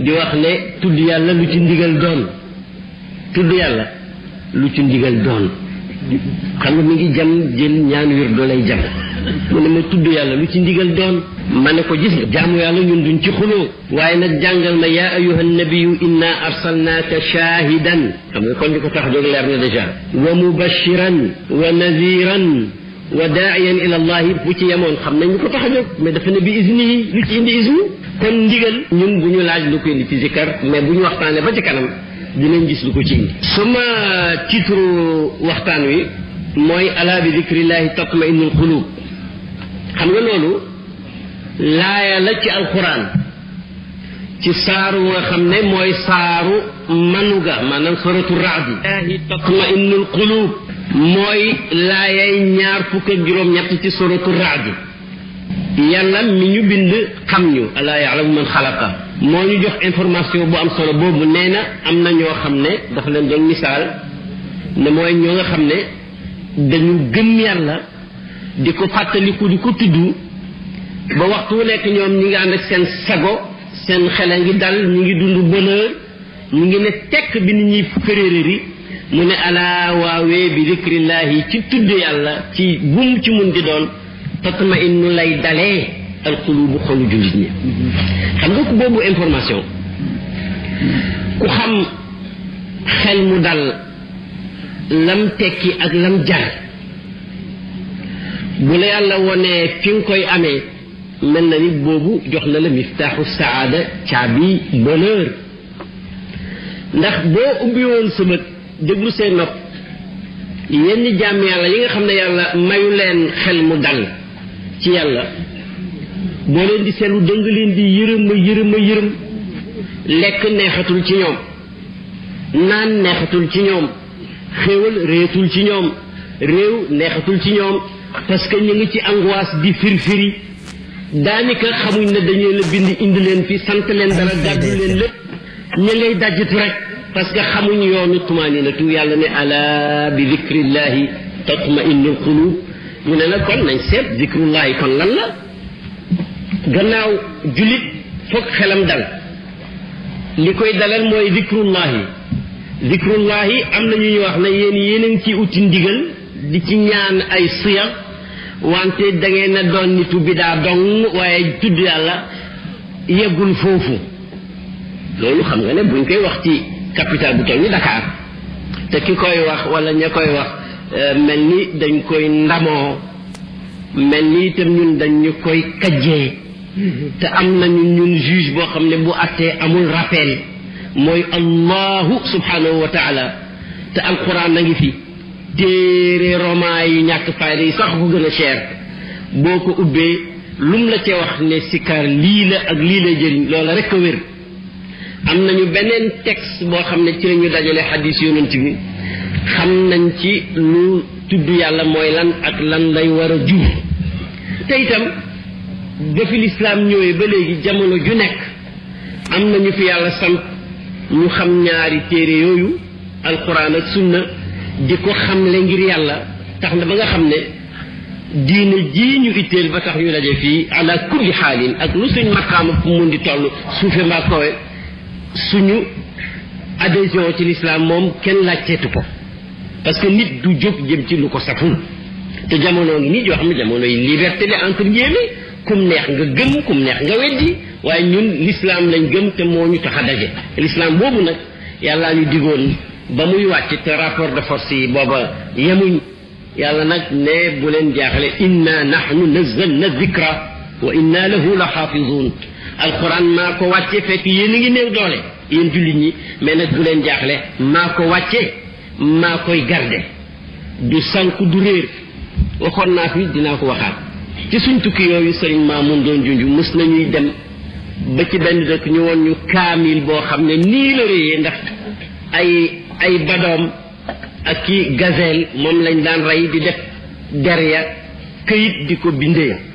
di wax ne tudd yàlla lu ci doon tudd yàlla lu ci ndigal doon xam nga mi ngi jam jël ñaan wirdo lay tudd yàlla lu ci ndigal doon ma ne ko gis nga jaamu yàlla ñun duñ ci xuloo waaye nag jàngal ma yaa ayuha nabiyu inna arsalnaaka shaahidan xam ko tax jóg leer na dèjà wa mubashiran wa nadiran wa daa'iyan ila allahi bu ci yemoon xam nañ ñu ko tax a jóg mais kon ndigal ñun bu ñu laaj lu ko indi ci zikkar mais bu ñu waxtaanee ba ci kanam dinañ gis ko ci indi waxtaan wi mooy ala bi zikrillahi tatma innul qulub xam nga loolu laaya la ci alquran ci saaru nga xam ne mooy saaru manuga maanaam suratu mooy laayay ñaar fukk ak juróom-ñett ci suratu raad yàlla mi ñu bind xam ñu alaa mu man xalaqa moo ñu jox information bu am solo boobu nee na am na ñoo xam ne dafa leen doon misaal ne mooy ñoo nga xam ne dañu gëm yàlla di ko fàttaliku di ko tudd ba waxtu wu nekk ñoom ñi ngi ànd ak seen sago seen xela ngi dal mu ngi dund bonheur mu ngi ne tekk bi nit ñuy fukkaréeréer mu ne alaa waawee bi dikrillaahi ci tudd yàlla ci bum ci mun di doon tatma innu lay dalee alqulubu xolu jullit ñi xam information xel mu dal lam tekki ak lam jar bu la yàlla wonee fi nga koy amee mel na ni boobu jox na la miftaaxu saada caabi bonheur ndax boo ubbi woon sa déglu seen nopp yenn jàmm yàlla yi nga xam na yàlla mayu leen xel mu dal ci yàlla boo leen di seetlu dëng leen di yërëm a yërëm a lekk neexatul ci ñoom naan neexatul ci ñoom xéewal réetul ci ñoom réew neexatul ci ñoom parce que ñu ngi ci angoisse di firfiri daanaka xamuñ ne dañu la bind indi leen fi sant leen dara gàddu leen lépp ñu ngay rek parce que xamuñ yoonu tu yàlla ne ala bi zikrillahi tatma innul qulub ñu ne la kon nañ seet zikrullahi kon lan la gannaaw julit foog xelam dal li koy dalal mooy zikrullahi zikrullahi am na ñu ñu wax ne yéen yéen ci uti ndigal di ci ñaan ay siya wante da ngeen a doon nitu bidaa dong waaye tudd yàlla yegul foofu loolu xam nga ne buñ koy wax ci capital bu toll ni Dakar te ki koy wax wala ña koy wax euh, mel ni dañ koy ndamoo mel ni itam ñun dañ ñu koy kajjee te am nañu ñun juge boo xam ne bu attee amul rappel mooy allahu subhanahu wa taala te alquran na ngi fi téere roman yi ñàkk fayda yi sax ko gën a cher boo ko ubbee lum la ci wax ne sikar lii la ak lii lay jëriñ loola rek a wér am nañu beneen texte boo xam ne ci la ñu dajale xadis yonent bi xam nañ ci lu tudd yàlla mooy lan ak lan lay war a jur te itam ba fi lislaam ñëwee ba léegi jamono ju nekk am nañu fi yàlla sant ñu xam ñaari téere yooyu alquran ak sunna di ko xamle ngir yàlla tax na ba nga xam ne diine ji ñu itteel ba tax ñu daje fii ala kulli xaalin ak lu suñ maqaama fu mun di toll suufe mbaa kowe suñu adhésion ci l'islam moom kenn laajteetu ko parce que nit du jóg jëm ci lu ko saful te jamono ngi nit yoo xam ne jamono yi liberté la entre guillemets kum neex nga gëm kum neex nga weddi waaye ñun l'islam lañ gëm te moo ñu tax a daje l'islam boobu nag yàlla ñu digoon ba muy wàcc te rapport de force yi booba yemuñ yàlla nag ne bu leen jaaxle inna nahnu nazzalna dhikra wa inna lahu la xaafidun alquran maa ko wàcce fekk yéen a ngi néew doole yéen jullit ñi mais nag bu leen jaaxle maa ko wàcce maa koy garde du sànku du réer waxoon naa fi dinaa ko waxaat ci suñ tukki yooyu sëriñ Maamun doon junj mës nañuy dem ba ci benn dëkk ñu woon ñu kaamil boo xam ne nii la réyee ndax ay ay badoom ak i gazelle moom lañ daan rey di def derrière këyit di ko bindee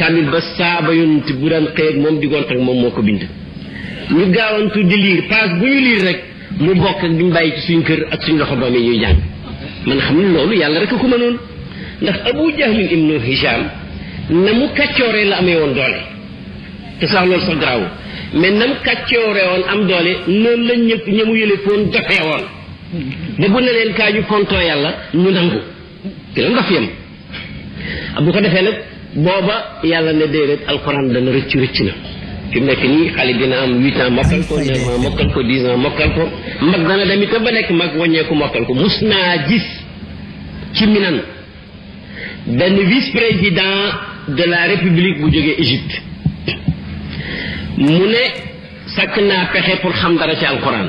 kaamil ba saaba yonent bu daan xëy ak moom di gont moom moo ko bind ñu gaawantu di liir paas bu ñu liir rek mu bokk ak ñu bàyyi ci suñ kër ak suñ loxo doom yi ñuy jàng man xam ne loolu yàlla rek a ko mënoon ndax abu jahlin ibnu hisham na mu kàccooree la amee woon doole te sax loolu sax garaawu mais na mu kàccooree woon am doole noonu la ñëpp ña mu yëlefoon dafee woon ba bu ne leen kaa ñu konton yàlla ñu nangu te loolu nga bu ko defee nag booba yàlla ne déedéet alxuraan dana rëccu rëcc na fi mu nekk nii xale dina am huit ans mokkal ko mokkal ko dix ans mokkal ko mag dana dem itam ba nekk mag wàññeeku mokkal ko mus naa gis ci minan benn vice président de la république bu jógee Égypte mu ne sàkk naa pexe pour xam dara ci alxuraan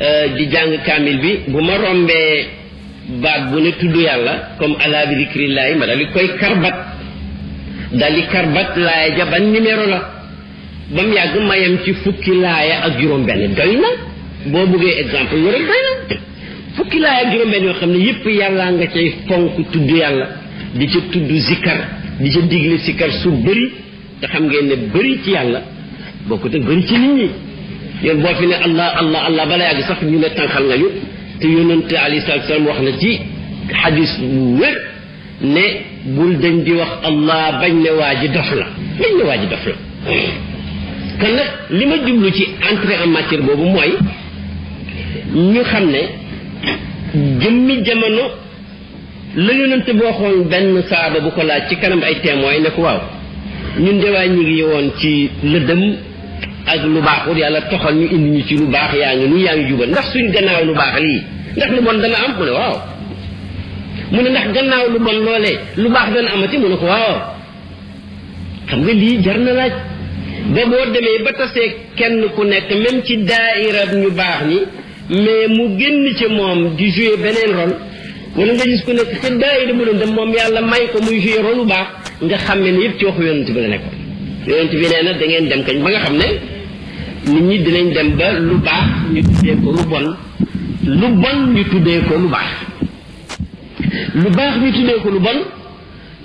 Euh, di jàng kaamil bi bu ma rombee baat bu ne tudd yàlla comme ala bi zikrillahi ma dali koy karbat dali karbat laaya ja ban la ba mu yàgg mayam ci fukki laaya ak juróom-benn doy na boo buggee exemple lu rek doy na fukki laaya ak juróom-benn yoo xam ne yépp yàllaa nga cay fonk tudd yàlla di ca tudd zikkar di ca digle sikkar su bëri te xam ngeen ne bëri ci yàlla bokkut ak bëri ci nit ñi yéen boo fi ne allah allah allah bala yàgg sax ñu ne tànqal nga ñu te yonente alayhi salatu salaam wax na ci xadis bu wér ne bul dañ di wax allah bañ ne waa ji dof la bañ ne waa ji dof la kon nag li ma jublu ci entrée en matière boobu mooy ñu xam ne jëmmi jamono la yonente boo xoon benn saaba bu ko laaj ci kanam ay témoin ne ko waaw ñun de waay ñu ngi woon ci lëdëm ak lu baax baaxul yàlla toxal ñu indi ñu ci lu baax yaa ngi nii yaa ngi jubal ndax suñ gannaaw lu baax lii ndax lu bon dana am ku ne waaw mu a ndax gannaaw lu bon loolee lu baax dana amati mu ne ko waaw xam nga lii jar na laaj ba boo demee ba tase kenn ku nekk même ci daa daaira ñu baax ñi mais mu génn ci moom di jouer beneen rôle wala nga gis ku nekk ci daaira bu doon dem moom yàlla may ko muy jouer rôle baax nga xam ne yëpp ci waxu yonent bi la nekkoon yonent bi neena da ngeen dem kañ ba nga xamne nit ñi dinañ dem ba lu baax ñu tuddé ko lu bon lu bon ñu tuddé ko lu baax lu baax ñu tuddé ko lu bon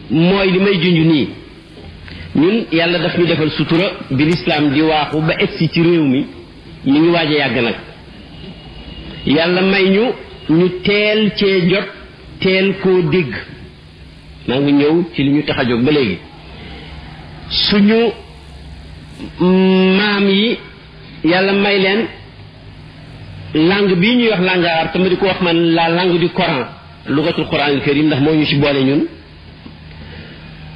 moy li may junj nii ñun yalla daf ñu defal sutura bi l'islam di waxu ba egsi ci réew mi ñi ngi waaj yag nak yalla may ñu ñu teel ci jot teel ko dig maa ngi ñëw ci li ñu taxajok ba legi suñu maam yi yàlla may leen langue bi ñuy wax langue arabe ma di ko wax man la langue du Coran lugatul Coranul Karim ndax moo ñu ci boole ñun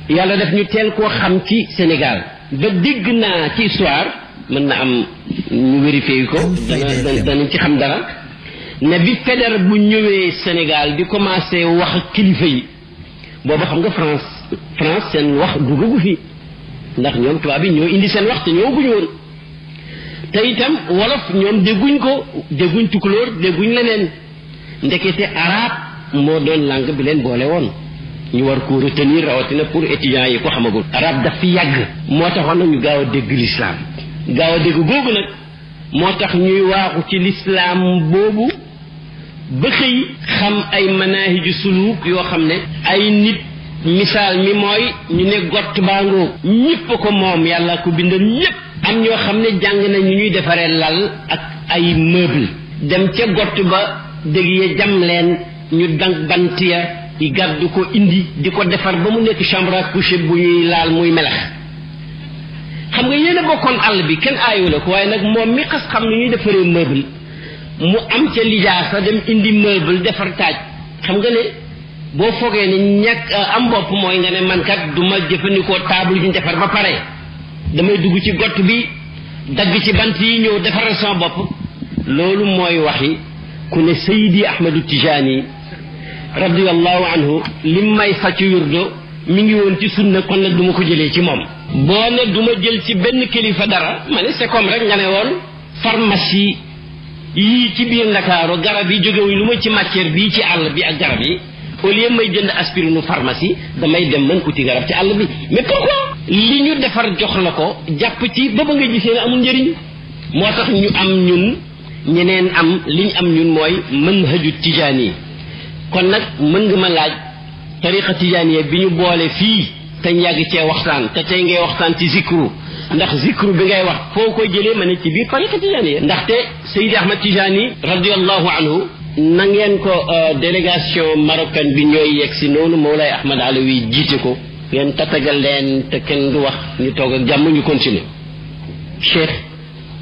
yàlla def ñu teel koo xam ci Sénégal ba dégg naa ci histoire mën na am ñu vérifié ko danañ ci xam dara ne bi Faidherbe bu ñëwee Sénégal di commencé wax kilifa yi booba xam nga France France seen wax du dugg ndax ñoom tubaab bi ñoo indi seen wax ñoo ñëwaguñu woon te itam wolof ñoom dégguñ ko dégguñ tukulóor dégguñ leneen ndekete arab moo doon langue bi leen boole woon ñu war ko retenir rawatina pour étudiants yi ko xamagul arab daf fi yàgg moo taxoon nag ñu gaaw a dégg lislaam gaaw a dégg googu nag moo tax ñuy waaxu ci lislaam boobu ba xëy xam ay manahiju suluk yoo xam ne ay nit misaal mi mooy ñu ne gott baa ngóog ñëpp ko moom yàlla ko bindal ñëpp am ñoo xam ne jàng na ñu ñuy defaree lal ak ay meuble dem ca gott ba dëgg ya jam leen ñu dank bant ya yi gàddu ko indi di ko defar ba mu nekk chambre à coucher bu ñuy laal muy melax xam nga yéen a bokkoon àll bi kenn aayu la ko waaye nag moom mi xas xam ni ñuy defaree meuble mu am ca lijaasa dem indi meuble defar taaj xam nga ne boo foogee ni ñàkk euh, am bopp mooy nga ne man kat du ma jëfandikoo table ñu defar ba pare damay dugg ci gott bi dagg ci bant yi ñëw defaral sama bopp loolu mooy waxi ku ne Seydi Ahmadu Tijaani radiyallahu anhu lim may sàcc yurdo mi ngi woon ci sunna kon nag du ma ko jëlee ci moom. boo ne du jël ci benn kilifa dara ma ne c'est comme rek nga ne woon pharmacie yii ci biir Ndakaaru garab yi jógewuñ lu ma ci matière bii ci àll bi ak garab yi. au lieu may jënd aspirinu pharmacie damay dem man uti garab ci àll bi mais pourquoi li ñu defar jox la ko jàpp ci ba ba nga gisee ne amul njëriñ moo tax ñu am ñun ñeneen am liñ am ñun mooy mën haju tijaani kon nag mën nga ma laaj tariqa tijaaniya bi ñu boole fii te yàgg cee waxtaan te tey ngay waxtaan ci zikru ndax zikru bi ngay wax foo ko jëlee ma ne ci biir tariqa tijaaniya ndaxte ahmad tijaani radiallahu anhu na ngeen ko délégation marocaine bi ñooy yegg si noonu Moulay Ahmed Alawi jiite ko ngeen tatagal leen te kenn du wax ñu toog ak jàmm ñu continuer cheikh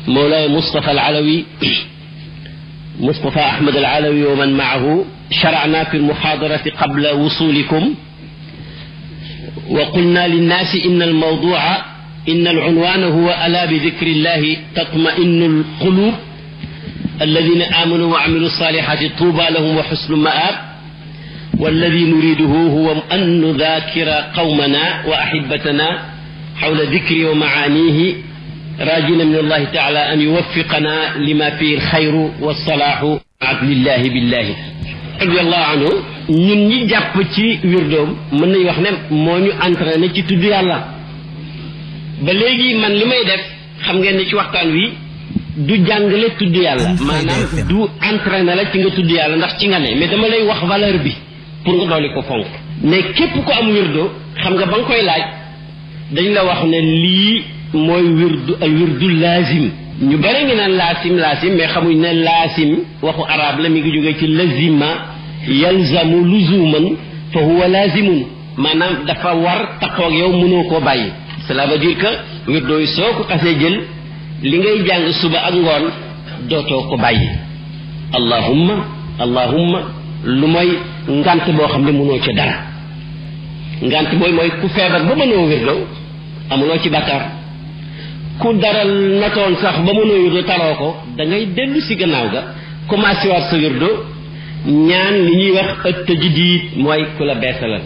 مولاي مصطفى العلوي مصطفى أحمد العلوي ومن معه شرعنا في المحاضرة قبل وصولكم وقلنا للناس إن الموضوع إن العنوان هو ألا بذكر الله تطمئن القلوب الذين آمنوا وعملوا الصالحات طوبى لهم وحسن مآب والذي نريده هو أن نذاكر قومنا وأحبتنا حول ذكر ومعانيه راجلا من الله تعالى أن يوفقنا لما فيه الخير والصلاح عبد الله بالله رضي الله عنه نني ñi jàpp ci wirdoom من nañu wax ne moo ñu entraîné ci tudd yàlla ba léegi man du jàngale tudd yàlla maanaam du entraîné la ci nga tudd yàlla ndax ci nga ne mais dama lay wax valeur bi pour nga dolli ko fonk mais képp ko am wirdo xam nga ba nga koy laaj dañ la wax ne lii mooy wirdu ay wirdu lazim ñu bari ngi naan laasim laasim mais xamuñ ne laasim waxu arab la mi ngi ci lazima yalzamu luzuman fa huwa lazimun maanaam dafa war taxoog yow mënoo koo bàyyi cela veut dire que wirdo yi soo ko jël li ngay jàng suba ak ngoon dootoo ko bàyyi allahumma allahumma lu mooy ngant boo xam ne mënoo ca dara ngant booy mooy ku feebar ba mënoo wérdo amuloo ci bàkkaar ku dara natoon sax ba mënoo wérdo taroo ko dangay ngay dellu si gannaaw ga commencé waat sa wérdo ñaan li ñuy wax ëtt ji diit mooy ku la beesalal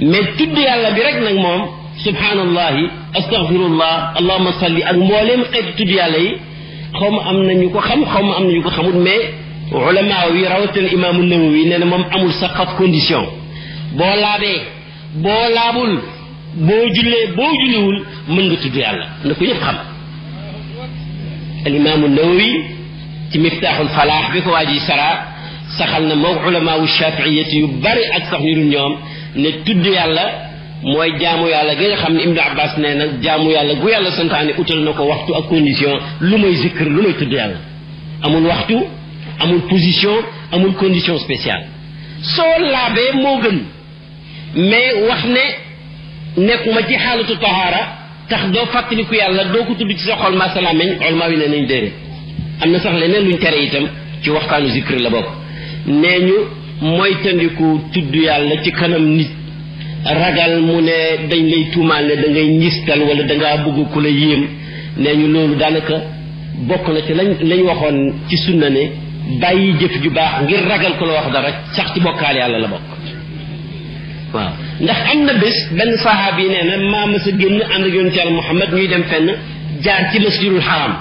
mais tudd yàlla bi rek nag moom سبحان الله استغفر الله اللهم صل على مولم قد تدي علي خم ام نيو كو خم خم ام نيو كو خمول مي علماء وي راوت الامام النووي نانا مام امول سقف كونديسيون بو لابي بو بول بو جولي بو جوليول من نغ تدي الله نكو ييب خم الامام النووي تي مفتاح الفلاح بكو واجي سرا سخالنا مو علماء الشافعيه يبرئ اكثر نيوم ne tudd yàlla mooy jaamu yàlla gi nga xam ne Ibnu Abbas nee na jaamu yàlla gu yàlla santaane utal na ko waxtu ak condition lu may zikr lu may tudd yàlla amul waxtu amul position amul condition spéciale soo laabee moo gën mais wax ne nekkuma ci xaalatu tahaara tax doo fàttaliku yàlla doo ko tudd ci sa xol ma salaameñ olmaa wi ne nañ déedéet am na sax leneen luñ tere itam ci waxtaanu zikr la bokk nee ñu mooy tandiku tudd yàlla ci kanam nit ragal mu ne dañ lay tuumaal ne da ngay ngistal dangaa bëgg ku la yéem nee ñu loolu daanaka bokk na ci lañ lañ waxoon ci sunna ne bàyyi jëf ju baax ngir ragal ku la wax dara sax ci bokkaal yàlla la bokk waaw ndax am na bés benn sahaab yi nee na maa mas a génn ànd ak yoon ci yàlla Muhammad ñuy dem fenn jaar ci masjidul xaram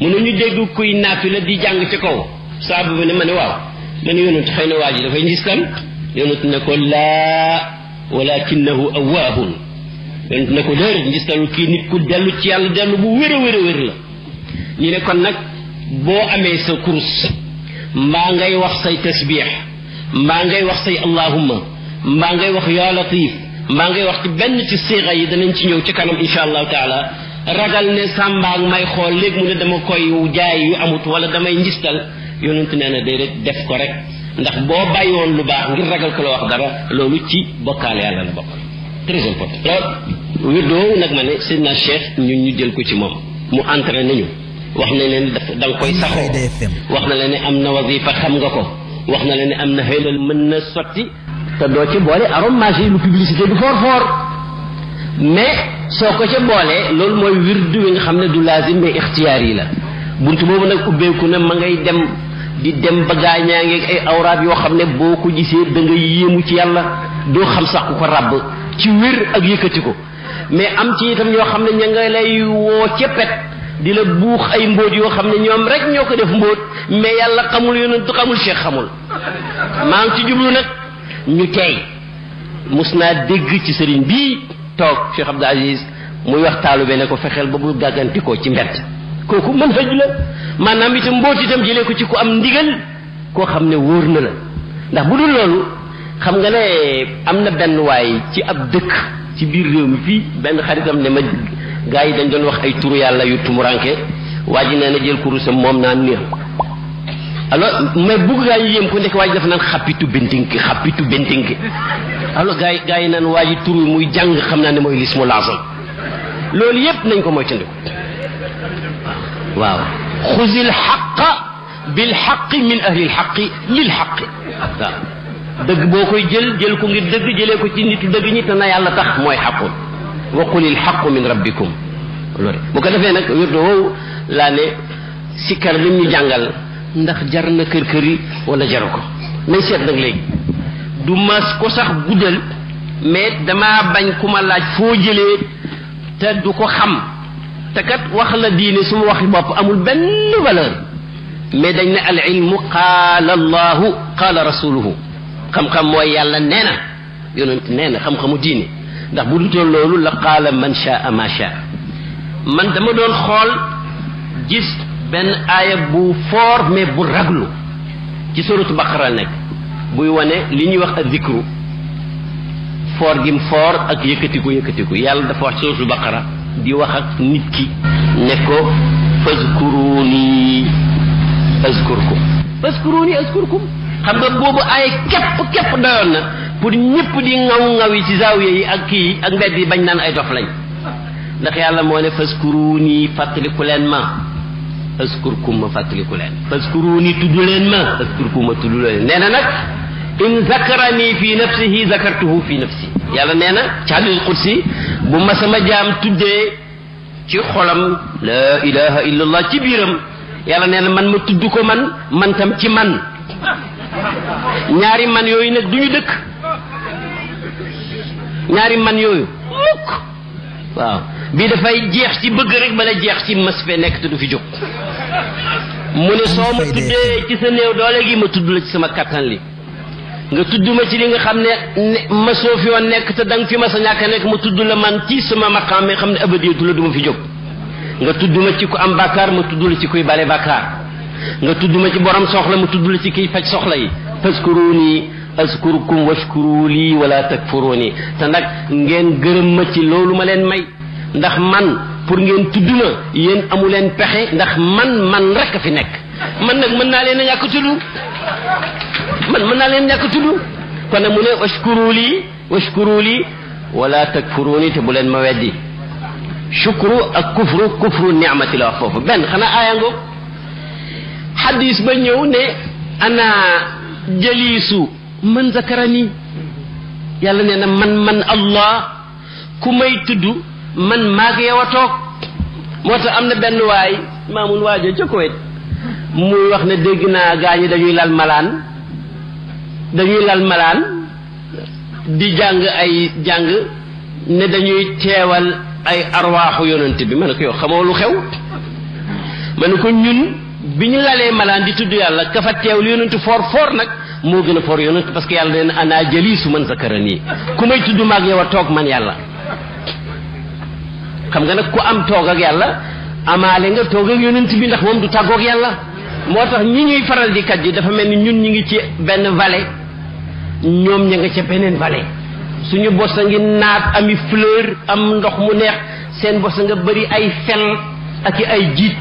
mu ne ñu dégg kuy naafila di jàng ci kaw sahaaba bi ne ma ne waaw ma ne yonent xëy na waa dafay ngistal yonent ne ko laa walakinahu awaahun yonent ne ko déedéet ngistalu kii nit ku dellu ci yàlla dellu bu wér a wér la ñu ne kon nag boo amee sa kurus mbaa ngay wax say tasbiix mbaa ngay wax say allahumma mbaa ngay wax yaa latif mbaa ngay wax ci benn ci siixa yi danañ ci ñëw ci kanam insha allahu taala ragal ne sàmbaag may xool léegi mu ne dama koy jaay yu amut wala damay ngistal yonent nee na déedéet def ko rek ndax boo bàyyi woon lu baax ngir ragal ko la wax dara loolu ci bokkaale yàlla la bokk très important loolu wirdoo nag ma ne sëñ naa cheikh ñun ñu jël ko ci moom mu entrer nañu wax na leen daf da nga koy saxoo wax na leen ne am na wasifa xam nga ko wax na leen ne am na xëylal mën na sotti te doo ci boole aromage yi lu publicité du foor foor mais soo ko ca boolee loolu mooy wirdu wi nga xam ne du lazim mais ixtiyaar yi la bunt boobu nag ubbeeku na ma ngay dem di dem ba gaañaa ngi ay jisir yo xamne ne gisee da nga yemu ci yalla do xam sax ko ràbb ci wir ak yëkkati ko mais am ci itam ñoo xamne ña nga lay ci pet di la buux ay mbóot yo xamne ñom rek ñoko ko def mbóot mais yalla xamul yonentu xamul cheikh xamul ma ngi ci jublu nak ñu tay musna naa ci serigne bi tok cheikh abdou aziz muy wax ne ko fexel ba bu gaganti ko ci mbett kooku mën xëj la maanaam itam mboot itam jëlee ko ci ku am ndigal koo xam ne wóor na la ndax bu dul loolu xam nga ne am na benn waay ci ab dëkk ci biir réew mi fii benn xaritam ne ma gaa yi dañ doon wax ay turu yàlla yu tumuraanke waa ji nee na jël kurusam moom naan nii alors mais bugg gaa yi yéem ko ndekk waa ji dafa naan xàppitu bentinki xàppitu bentinki alors gaa yi gaa yi naan waa ji turu muy jàng xam naa ne mooy lis mu laasam loolu yépp nañ ko moytandiku واو خذ الحق بالحق من اهل الحق للحق دغ بوكاي جيل جيل كو غير دغ جيليكو سي نيت دغ ني تانا يالا تخ موي حق وقل الحق من ربكم لوري بوكا دافي نك ويردو لا ني سيكار لي ني جانغال ندخ جارنا كير كيري ولا جاروكو ني سيت دغ لي دو ماس كو صاح غودل مي دما باغ كوما لاج فو جيلي تا دوكو خام تكت وخلا ديني سمو وخي باب أمو البن بلر مدين العلم قال الله قال رسوله خم خم ويالا نينا يونت نينا خم خم ديني ده بلدون لولو لقال من شاء ما شاء من دمدون خول جس بن آية بو فور مي بو رغلو جي سورة بقرة نك بو يواني لين يوخ الذكرو فور جيم فور اك يكتكو يكتكو يالا دفع سورة بقرة di wax ak nit ki ne ko fazkuruni azkurkum fazkuruni azkurkum xam nga boobu ay képp képp doyoon na pour ñëpp di ngaw ngaw yi ci zaawiya yi ak kii ak mbedd yi bañ naan ay dof lañ ndax yàlla moo ne fazkuruni fàttaliku leen ma azkurkum ma fàttaliku leen fazkuruni tudd leen ma azkurkum ma tudd leen nee na nag in zakarani fi nafsihi zakartuhu fi nafsi yàlla nee na ci xadisul qudsi bu ma sama jaam tuddee ci xolam la ilaha illallah ci biiram yàlla nee na man ma tudd ko man man tam ci man ñaari man yooyu nag duñu dëkk ñaari man yooyu mukk waaw bii dafay jeex ci bëgg rek bala jeex ci mas fee nekk te du fi jóg mu ne soo ma tuddee ci sa néew doole gi ma tudd la ci sama kattan li nga tudd ci li nga xam ne ma soo fi woon nekk te dang fi ma sa ñàkk nekk ma tudd la man ci sama maqaam mi xam ne abadiyatu la duma fi jóg nga tudd ci ku am bàkkaar ma tudd la ci kuy bale bàkkaar nga tudd ci borom soxla ma tudd la ci kuy faj soxla yi faskuruni askurukum washkuru lii wala takfuruni te nag ngeen gërëm ma ci loolu ma leen may ndax man pour ngeen tudd yéen amu pexe ndax man man rek fi nekk man nag mën naa leen a ñàkk tudd man mën naa leen ñàkk tudd kon nag mu ne washkuru lii washkuru lii wala takfuruni te bu leen ma weddi shukru ak kufru kufru ni la wax foofu benn xanaa aaya ngoog xadis ba ñëw ne ana jaliisu man zakarani yàlla nee na man man allah ku may tudd man maag yow a toog moo tax am na benn waay maamun waajo ca muy wax ne dégg naa gaa ñi dañuy lal malaan dañuy lal malaan di jàng ay jàng ne dañuy teewal ay arwaaxu yonent bi ma ne ko yow xamoo lu xew man ne ko ñun bi ñu lalee malaan di tudd yàlla ka fa teew lu yonent foor foor nag moo gën a foor yonent parce yàlla leen ana jaliisu man zakarani ku may tudd maag yow a toog man yàlla xam nga nag ku am toog ak yàlla amaale nga toog ak yonent bi ndax moom du tàggoog yàlla moo tax ñi ñuy faral di kat ji dafa mel ni ñun ñi ngi ci benn vallée ñoom ña nga ca beneen vallée suñu bos a ngi naat ami fleur am ndox mu neex seen bos a nga bëri ay fen ak i ay jiit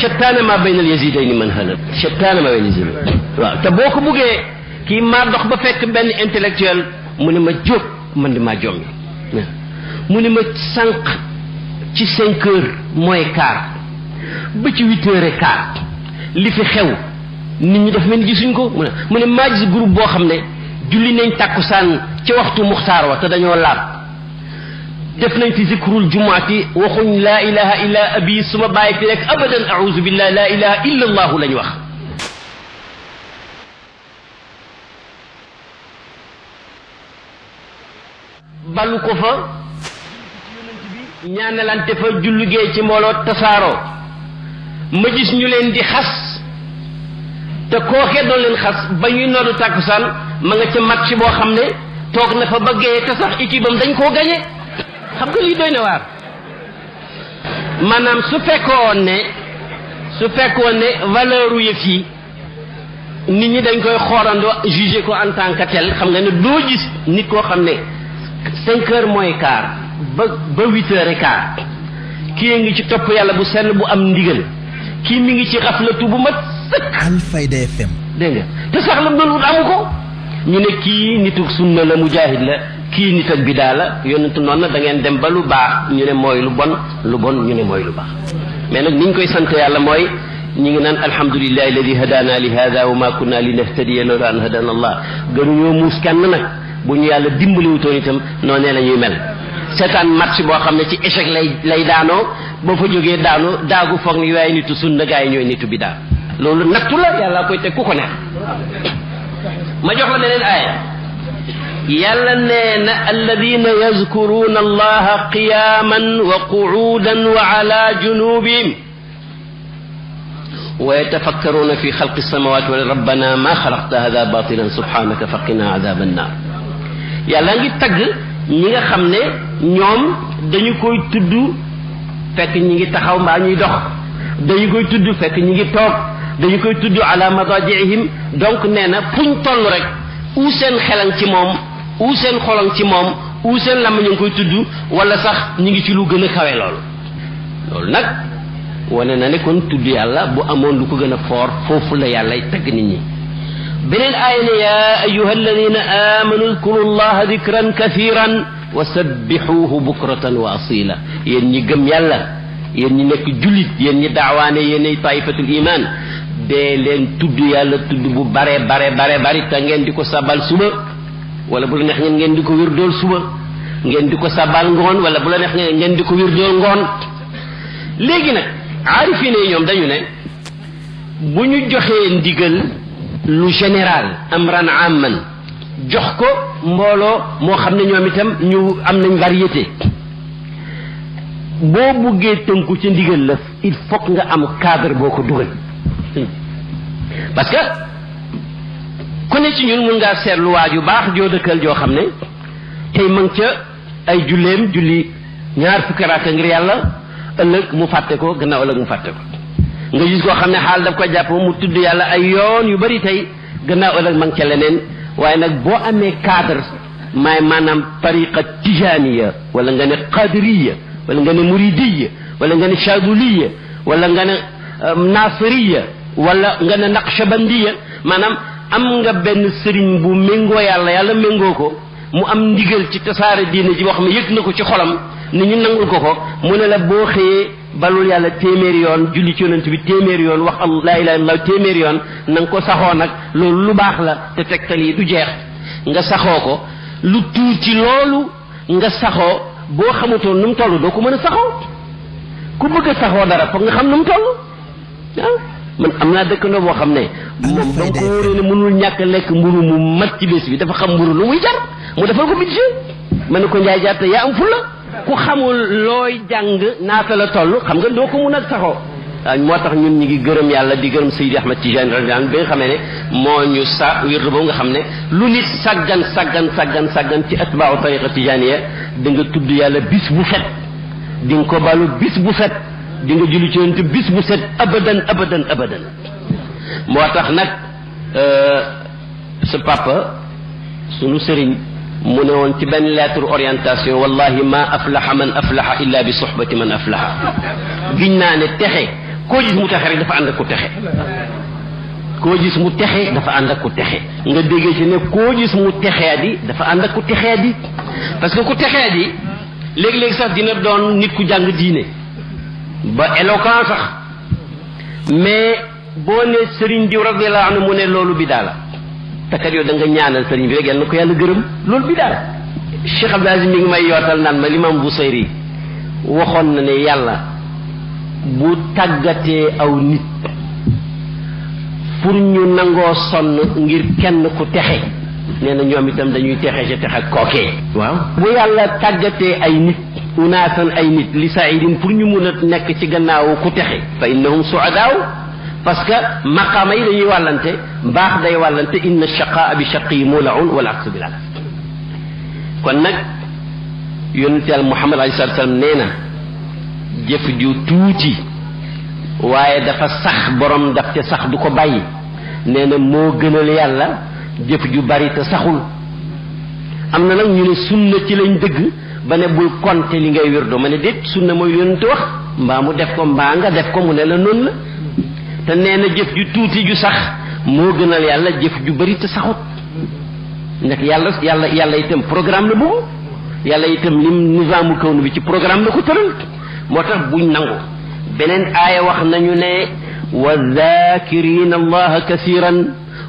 chetaana ma baynal yasidayni man halal chetaana ma baynal yasidayni waaw te boo ko buggee kii maa dox ba fekk benn intellectuel mu ne ma jóg man di maa jommi mu ne ma sànq ci cinq heures mooy quart ba ci huit heures et li fi xew nit ñi daf meen gisuñ ko mu ne mu ne maa gis groupe boo xam ne julli nañ tàkkusaan ci waxtu muxtaar wa te dañoo laab def nañ fi zikrul jumaati waxuñ laa ilaha illa abi suma bàyyi fi rek abadan auzu billah laa ilaha illa allahu lañ wax balu ko fa ñaanalante fa jullugee ci mbooloo tasaaroo ma gis ñu leen di xas te kookee doon leen xas ba ñuy noodu tàkkusaan ma nga ca match boo xam ne toog na fa ba te sax équipe am dañ koo gañe xam nga lii doy na waar maanaam su fekkoon ne su fekkoon ne valeur u yëf yi nit ñi dañ koy xoorandoo jugé ko en tant que tel xam nga ne doo gis nit koo xam ne cinq heures moins quart ba ba huit heures et quart ngi ci topp yàlla bu senn bu am ndigal kii mi ngi ci xaflatu bu ma sëkk. Alfayda FM. dégg nga te sax la mu doon wut amu ko. ñu ne kii nitu sunna la mujaahid la kii nit ak bidaa la yonentu noon na da ngeen dem ba lu baax ñu ne mooy lu bon lu bon ñu ne mooy lu baax mais nag ni ñu koy sant yàlla mooy ñu ngi naan alhamdulillahi alladi hadaana li hada wa ma kunna li nahtadiya lawla an hadaana allah gënuñoo muus kenn nag bu ñu yàlla dimbaliwutoon itam noonee la ñuy mel seetaan match boo xam ne ci échec lay daanoo boo fa jógee daanu daagu foog ni waaye nitu sunna gaa yi ñooy nitu bidaa loolu nattu la yàlla koy teg ku ko neex ma jox la beneen aaya yàlla nee na alladina yazkuruna allaha qiyaman wa quudan wa ala junubihim wa yatafakkaruna fi xalqi samawati wal rabbana ma xalaqta hada batilan subhanaka faqina adaba annar yàlla ngi tagg ñi nga xam ne ñoom dañu koy tudd fekk ñi ngi taxaw mbaa ñuy dox dañu koy tudd fekk ñi ngi toog dañu koy tudd ala madajiihim donc nee na fuñ toll rek uu seen xelan ci moom uu seen xolan ci moom uu seen làmm ñu ngi koy tudd wala sax ñi ngi ci lu gën a kawe loolu loolu nag wane na ne kon tudd yàlla bu amoon lu ko gën a foor foofu la yàlla tagg nit ñi beneen aaya ne yaa ayuha alladina amanu dkuru llaha dikran wa sabbixuuhu bukratan wa asila yéen ñi gëm yàlla yéen ñi nekk jullit yéen ñi daawaane yéenay taifatul iman dee leen tudd yàlla tudd bu bare bare bare bari te ngeen di ko sabal suba wala bu la neex ngeen ngeen di ko wér dool suba ngeen di ko sabal ngoon wala bu la neex ngeen ngeen di ko wér dool ngoon léegi nag aarifine yi ñoom dañu ne bu ñu joxee ndigal lu général amran amman jox ko mbooloo moo xam ne ñoom itam ñu am nañ variété boo buggee tënku ci ndigal la il faut nga am cadre boo ko dugal parce que ku ne ci ñun mun ngaa seet waa ju baax joo dëkkal joo xam ne tey ma ca ay julleem julli ñaar fukki raaka ngir yàlla ëllëg mu fàtte ko gannaaw ëllëg mu fàtte ko nga gis koo xam ne xaal daf ko jàpp mu tudd yàlla ay yoon yu bari tey gannaaw ëllëg ma ngi ca leneen waaye nag boo amee cadre maay maanaam tariqa tijaniya wala nga ne qadiriya wala nga ne muridiya wala nga ne chaduliya wala nga ne nasiriya wala nga ne naqshabandiya maanaam am nga benn sëriñ bu méngoo yàlla yàlla méngoo ko mu am ndigal ci tasaare diine ji wax ma yëg na ko ci xolam ni ñu nangul ko ko mu ne la boo xëyee balul yàlla téeméeri yoon julli ci yonent bi téeméeri yoon wax am laa ilaaha illallaah téeméeri yoon na nga ko saxoo nag loolu lu baax la te tegtal yi du jeex nga saxoo ko lu tuuti loolu nga saxoo boo xamutoon nu mu toll doo ko mën a saxoo ku bëgg saxoo dara foog nga xam nu mu toll ah man am naa dëkkandoo boo xam ne moom ba ko wóoree ne mënul ñàkk lekk mburu mu mat ci bés bi dafa xam mburu lu muy jar mu defal ko budget mën na ko ku xamul looy jàng naata la toll xam nga doo ko mun a saxoo ah, moo tax ñun ñu ngi gërëm yàlla di gërëm Seydi Ahmad Tijaan radiyallaahu anhu bi nga xamee ne moo ñu sa wér boobu nga xam ne lu nit sàggan saggan sàggan sàggan ci atbaaw tariqa tijaaniya da nga tudd yàlla bis bu fet di nga ko balu bis bu fet di nga julli ci yonent bis bu set abadan abadan abadan moo tax nag euh, sa papa sunu sëriñ منون تي بن لاتر اورينتاسيون والله ما افلح من افلح الا بصحبه من افلح جن نان تخي كو جيس مو تخي دا فا اندك كو تخي كو جيس متخي تخي دا فا اندك كو تخي نغا ديغي سي ني كو جيس مو تخي ادي دا فا اندك كو تخي ادي باسكو كو تخي ادي ليك ليك صاح دينا دون نيت كو جانغ ديني با ايلوكان صاح مي بو ني سيرين ديو رضي الله عنه مو ني لولو بدالا te kat yow da nga ñaanal sëriñ bi rek yal ko yàlla gërëm loolu bi daal Cheikh Abdou Aziz mi ngi may yootal naan ma limam Busayri waxoon na ne yàlla bu tàggatee aw nit pour ñu nangoo sonn ngir kenn ku texe nee na ñoom itam dañuy texe ci texe kookee waaw bu yàlla tàggatee ay nit unaasan ay nit li saidin pour ñu mun a nekk ci gannaawu ku texe fa innahum suadaaw parce que maqaama yi dañuy wàllante mbaax day wàllante in inna shaqaa bi shaqi mulaun wal aksu bilala kon nag yonent yàlla muhammad alei salatu nee na jëf ju tuuti waaye dafa sax borom daf te sax du ko bàyyi nee na moo gënal yàlla jëf ju bari te saxul am na nag ñu ne sunna ci lañ dëgg ba ne bul konte li ngay doo ma ne déet sunna mooy yonent wax mbaa mu def ko mbaa nga def ko mu ne la noon la te nee na jëf ju tuuti ju sax moo gënal yàlla jëf ju bari te saxut ndax yàlla yàlla yàlla itam programme la boobu yàlla itam lim nizaamu kawn bi ci programme la ko tëral moo tax buñ nangu beneen aaya wax nañu ne wa zaakirina allaha kasiran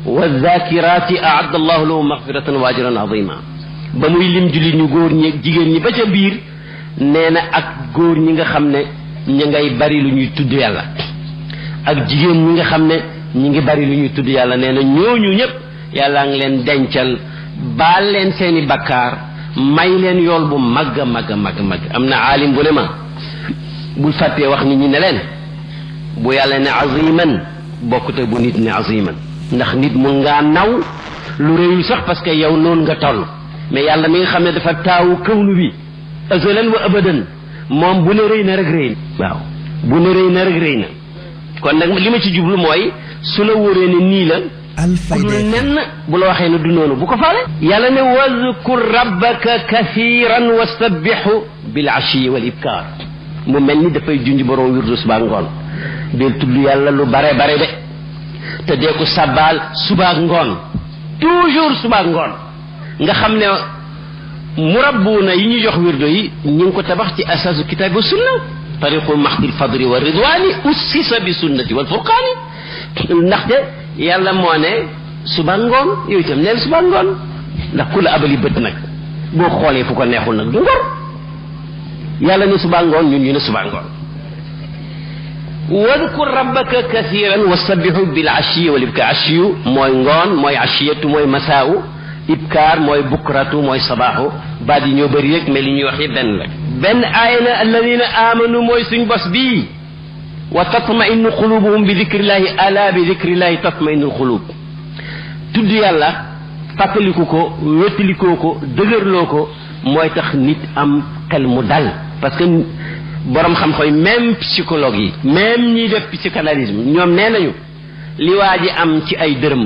wa zaakiraati aadda allahu lahum magfiratan wa ajran azima ba muy lim jullit ñu góor ñi jigéen ñi ba ca biir nee ak góor ñi nga xam ne ñu ngay bari lu ñuy tudd yàlla ak jigéen ñi nga xam ne ñi ngi bari lu ñuy tudd yàlla nee na ñooñu ñépp yàllaa ngi leen dencal baal leen seeni bakkaar may leen yool bu mag a mag a mag am na aalim bu ne ma bul fàttee wax nit ñi ne leen bu yàlla ne aziman bokkute bu nit ne aziman ndax nit mu ngaa naw lu réyul sax parce que yow noonu nga toll mais yàlla mi nga xam ne dafa taawu kawnu bi azalan wa abadan moom bu ne rëy na rek rëy na waaw bu ne rëy na rek rëy na kon nag li ma ci jublu mooy su la wóoree ne nii la الفايدة نن بلا واخي نو دونو بوكو فالي يالا ني واذكر ربك كثيرا وسبحه بالعشي والابكار mu mel ni dafay junj borom wirdus ba ngoon del tudd yàlla lu bare bare de te dee ko sabbaal subaak ngoon toujours subaak ngoon nga xam ne murabbuuna yi ñu jox wirdo yi ñu ngi ko tabax ci asasu kitaabu sunna طريق محض الفضل والرضوان اسس بسنه والفرقان نخدة يلا موانا سبانغون يوتم نيل سبانغون لا كل ابلي بدنك بو خولي فوكو نيهول نك دوغور يلا ني سبانغون ني ني سبانغون واذكر ربك كثيرا وسبح بالعشي والابكاء عشيو موي غون موي عشيه موي مساو ابكار موي بكرتو موي صباحو بعد نيو بريك ملي نيو وخي بن بن اينا الذين امنوا موي سن بس بي وتطمئن قلوبهم بذكر الله الا بذكر الله تطمئن القلوب تدي يالا فاتليكوكو نوتليكوكو دغرلوكو موي تخ نيت ام كلمة دال باسكو borom xam xoy même psychologue yi même ñi def psychanalyse ñom nenañu li waji am ci ay deureum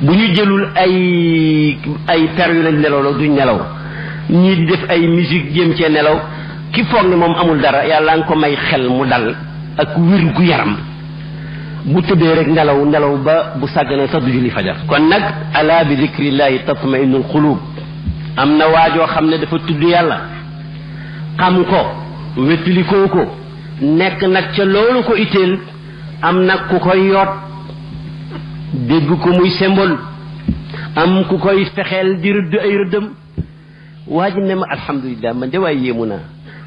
bu ñu jëlul ay ay per yu lañ nelaw la duñ nelaw ñii di def ay musique jéem cee nelaw ki foog ne moom amul dara yàlla nga ko may xel mu dal ak wér gu yaram bu tëddee rek nelaw nelaw ba bu sàggane sax du julli fajar kon nag ala bi dikrillahi tatma'innul qulub am na waajoo xam ne dafa tudd yàlla xam ko wettali koo ko nekk nag ca loolu ko itteel am nag ku koy yoot dégg ko muy symbole am ku koy fexeel di rëdd ay rëddam waa ji ne ma alhamdulilah man de waaye yéemu naa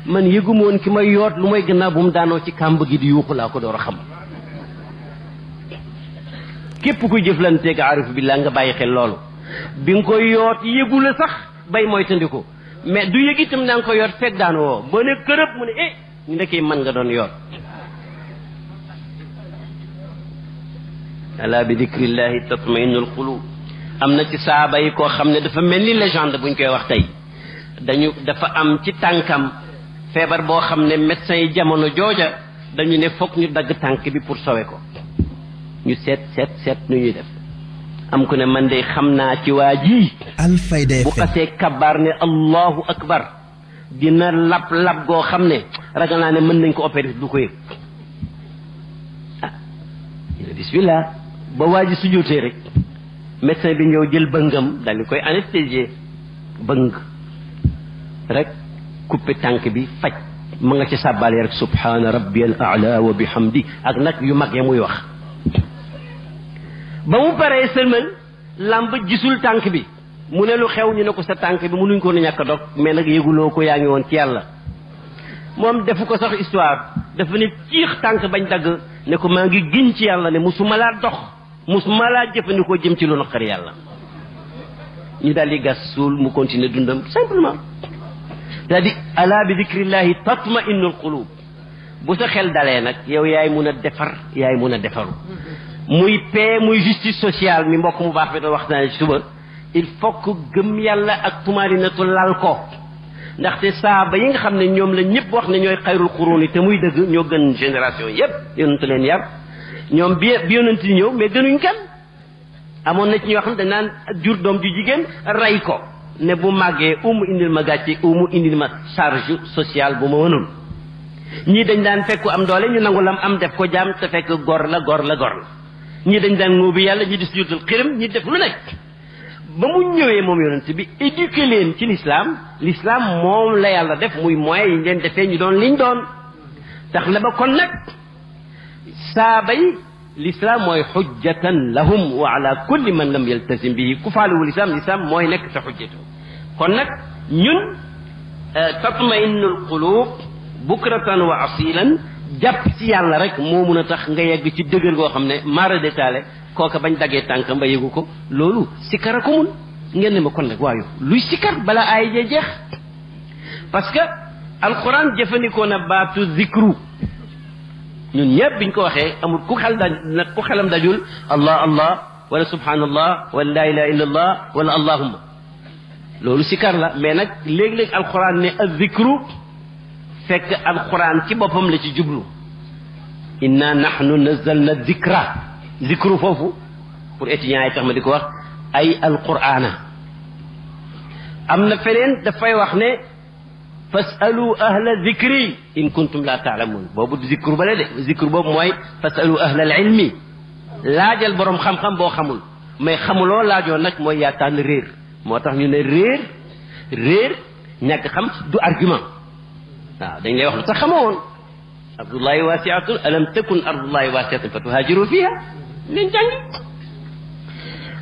man yëguma woon ki may yoot lu mooy gannaaw bu mu daanoo ci kàmb gi di yuuxu laa ko door a xam képp kuy jëflanteeg arif bi laa nga bàyyi xel loolu bi nga koy yoot yégula la sax bay mooy mais du yëg itam naa nga koy yoot fekk daanu woo ba ne kërëb mu ne eh ñu nekkee man nga doon yoot الا بذكر الله تطمئن القلوب امنا تي صاباي كو خامن دا فا ملني ليجاند بو نكاي واخ تاي دانيو دا فا ام تي تانكام فيبر بو خامن ميدساي جامونو جوجا دانيو ني فوك ني داغ تانك بي بور سوي كو ني سيت سيت سيت نيو ديف ام كون مان داي خامنا تي واجي الفايده بو اسي كبار ني الله اكبر dina lap lap go xamne ragal na ne meun nañ ko opérer du ko yek ah, bismillah ba waa ji su juutee rek médecin bi ñëw jël bëngam daal di koy anesthésier bëng rek coupé tànk bi faj mu nga ci sàbbaal ya rek subhaana rabbiyal a'la wa bihamdi ak nag yu mag ya muy wax ba mu paree sëlmal làmb gisul tànk bi mu ne lu xew ñu ne ko sa tànk bi nuñ ko nu ñàkk dog mais nag yëguloo ko yaa ngi woon ci yàlla moom def ko sax histoire dafa ne ciix tànk bañ dagg ne ko maa ngi giñ ci yàlla ne musuma laa dox musmala laa jëfandikoo jëm ci lu naqar yàlla ñu daal di gas mu continuer dundam simplement dadi ala bi dikrillahi tatma'innu alqulub bu sa xel dalé nak yow yaay mëna defar yaay mëna defaru muy paix muy justice sociale mi mbokk mu baax bi do waxtaane ci suba il faut que gëm yàlla ak tumarinatu lal ko ndax te sa ba yi nga xamne ñom la ñëpp wax ne ñoy khairul quruuni te muy dëgg ño gën génération yépp yonentu len yar ñom bi yonent yi ñew mais gënuñ kan Amon na ci ñoo xam dañ jur dom ju jigen ray ko ne bu magge umu indil magati umu indil ma charge sociale bu ma wonul ñi dañ dan fekk am doole ñu nangu am def ko jam te fekk gor la gor la gor ñi dañ dan ngóobi yalla ñi dis jurtul xirim ñi def lu nekk ba mu ñewé mom yonent bi éduquer leen ci l'islam l'islam mom la yalla def muy moyen yi leen defee ñu doon liñ doon tax la ba kon nak سابي الاسلام موي حجة لهم وعلى كل من لم يلتزم به كفال الاسلام الاسلام موي نك حجته كون نك نون آه، تطمئن القلوب بكرة واصيلا جاب سي الله مو من تخ نغا يغ سي دغل غو خامني ما رديتالي كوكا باج داغي تانكم با يغوكو لولو سيكركم نين ما كون نك وايو بلا اي جي جيخ باسكو القران جفنيكو نباتو ذكرو ñun ñëpp biñ ko waxé amul ku xel da nag ku xelam dajul allah allah wala subhanallah wala la ilaha illallah wala allahumma loolu sikar la mais nak leg leg alquran ne azikru fek alquran ci bopam la ci jublu inna nahnu nazzalna dhikra dhikru fofu pour etiyan ay tax ma di wax ay alqurana amna na da fay wax ne فاسالوا اهل الذكر ان كنتم لا تعلمون بابو ذكر بلد ذكر بابو موي فاسالوا اهل العلم لاجل بروم خم خم بو خمول مي خمولو لاجو نك موي ياتان رير موتاخ ني ني رير رير نك خم دو ارغومون واو آه، دنج لي واخ تا خمون عبد الله واسعة الم تكن ارض الله واسعة فتهاجروا فيها لين جاني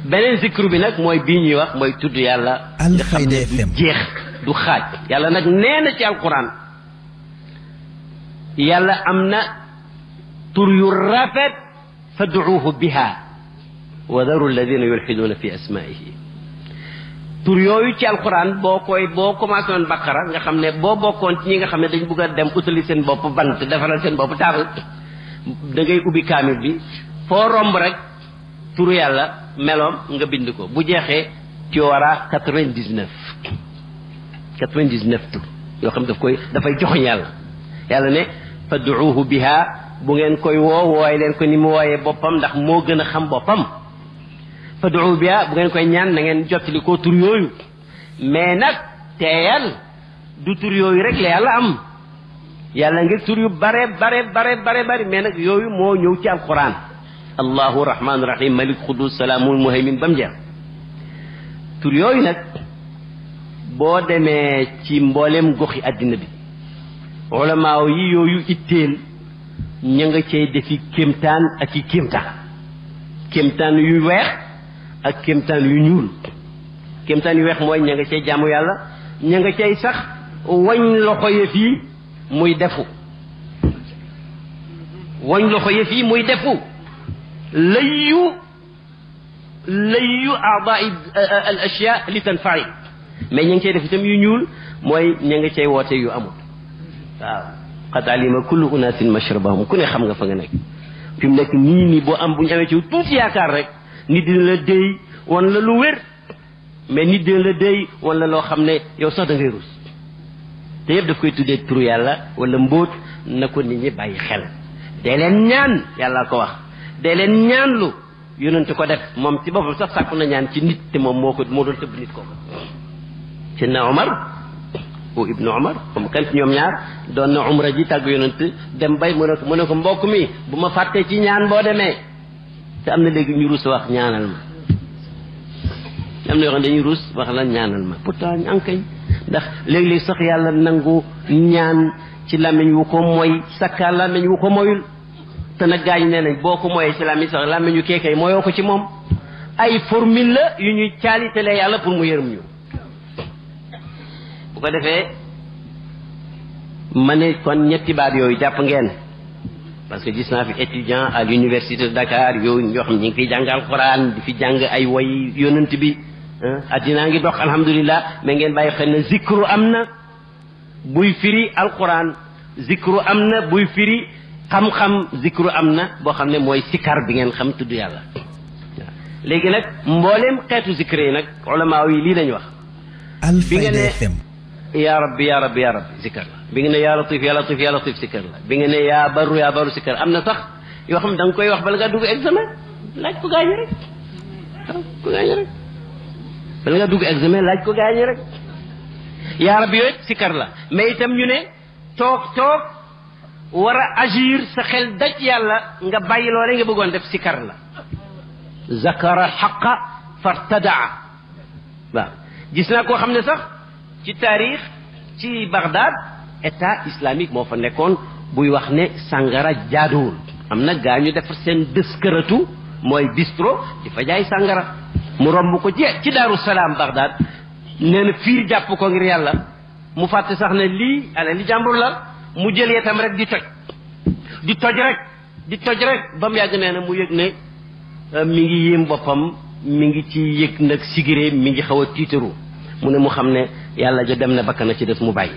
بنين ذكر بنك موي بي ني واخ موي تود يالا الفايده فيم جيخ du xaj yalla nak neena ci alquran yalla amna tur yu rafet fad'uhu biha wa daru alladhina yulhiduna fi asmaihi tur yoyu ci alquran bokoy koy boo commencé woon baqara nga xamne bo bokon ci nga xamne dañ dem utali sen bop bant defal sen bop tabu da ngay ubi kamil bi fo romb rek turu yalla melom nga bind ko bu jexé ci wara 99 99 tu yo xam daf koy da fay jox yalla yalla ne fad'uhu biha bu ngeen koy wo woy len ko ni mu woyé bopam ndax mo gëna xam bopam fad'u biha bu ngeen koy ñaan na ngeen jotali ko tur yoyu mais nak teyal du tur yoyu rek la yalla am yalla ngeen tur yu bare bare bare bare bare mais nak yoyu mo ñew ci alquran allahur rahmanur rahim malik qudus salamul muhaymin bam jeex tur yoyu nak boo demee ci mboolem goxi àddina bi ulamaaw yi yooyu itteel ña nga cay defi kéemtaan ak i kéemtaan kéemtaan yu weex ak kéemtaan yu ñuul kéemtaan yu weex mooy ña nga cay jaamu yàlla ña nga cay sax wañ loxo ya fii muy defu wañ loxo ya fii muy defu layu layu aadaai al ashya li tanfari mais ñu ngi cey def itam yu ñuul mooy ña nga cey woote yu amul waaw xat alima kullu unasin mashrabahum ku ne xam nga fa nga nekk fi mu nekk nii nii boo am bu ñu amee ci tuuti yaakaar rek nit dina la déy wan la lu wér mais nit dina la déy wan la loo xam ne yow sax da ngay te yëpp daf koy tuddee tur yàlla wala mbóot na ko nit ñi bàyyi xel dee leen ñaan yàlla ko wax dee leen ñaanlu yonente ko def moom ci boppam sax sàkku na ñaan ci nit te moom moo ko moo doon tëbb ko Seydina Omar ou Ibnu Omar comme ci ñoom ñaar doon na umra ji tàgg yonent dem bay mu ne ko mbokk mi bu ma fàttee ci ñaan boo demee te am na léegi ñu rus wax ñaanal ma am na yoo dañuy rus wax lan ñaanal ma pourtant ankay ndax léeg-léeg sax yàlla nangu ñaan ci làmmiñ wu ko moy sakkaa làmmiñ wu ko moyul te na gaañ nee nañ boo ko moyee ci làmmiñ sax làmmiñ yu keekay mooyoo ko ci moom ay formule la yu ñuy caalitale yàlla pour mu yërëm ñu bu ko defee ma ne kon ñetti baat yooyu jàpp ngeen parce que gis naa fi étudiant à l'université de Dakar yooyu ñoo xam ñu ngi fiy jàng alxuraan di fi jàng ay woy yonent bi at dinaa ngi dox alhamdulilah mais ngeen bàyyi xel ne zikru am na buy firi alxuraan zikru am na buy firi xam-xam zikru am na boo xam ne mooy sikar bi ngeen xam tudd yàlla léegi nag mbooleem xeetu zikr yi nag ulamaa lii lañu wax ya rabbi ya rabbi ya rabbi zikr la bi ne ya latif ya latif ya latif zikr la bi nga ne ya baru ya baru zikr. Amna sax yo ya xam dang koy ya wax bal ngaa dugg examen laaj ko gaañu rek ko gaañu rek Bal ngaa dugg examen laaj ko gaañu rek ya rabbi yooyu zikar la mais itam ñu ne tok tok wara agir sa xel daj yalla nga bayyi lolé nga bëggon def sikar la zakara xaqa fartada ba gis na ko xamne sax ci taarix ci Bagdad état islamique moo fa nekkoon buy wax ne sàngara jaaduwul am na gaa ñu defar seen dëskëratu mooy bistro di fa jaay sàngara mu romb ko ci ci daaru salaam Bagdad nee na fiir jàpp ko ngir yàlla mu fàtte sax ne lii ala li jàmbur la mu jël yetam rek di toj di toj rek di toj rek ba mu yàgg nee na mu yëg ne euh, mi ngi yéem boppam mu ngi ci yëg nag sigiré mi ngi xaw a tiitaru mu ne mu xam ne yalla ja dem na bakka na ci def mu bàyyi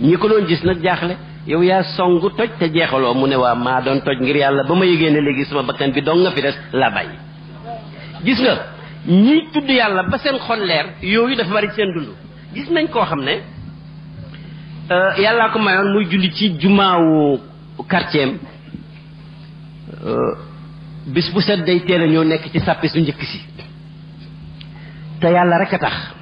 ñi ko doon gis nak jaxlé yow ya songu toj te jexalo mu ne wa ma doon toj ngir yalla bama ma yëgee ne sama bakkan bi dong nga fi des la bàyyi gis nga ñi tudd yalla ba seen xol leer yu dafa bari seen dundu gis nañ euh, ko xam euh yalla ko mayon muy julli ci juma wu quartier am euh, bis bu set day teel a nekk ci sàppi su njëkk si te yàlla rek tax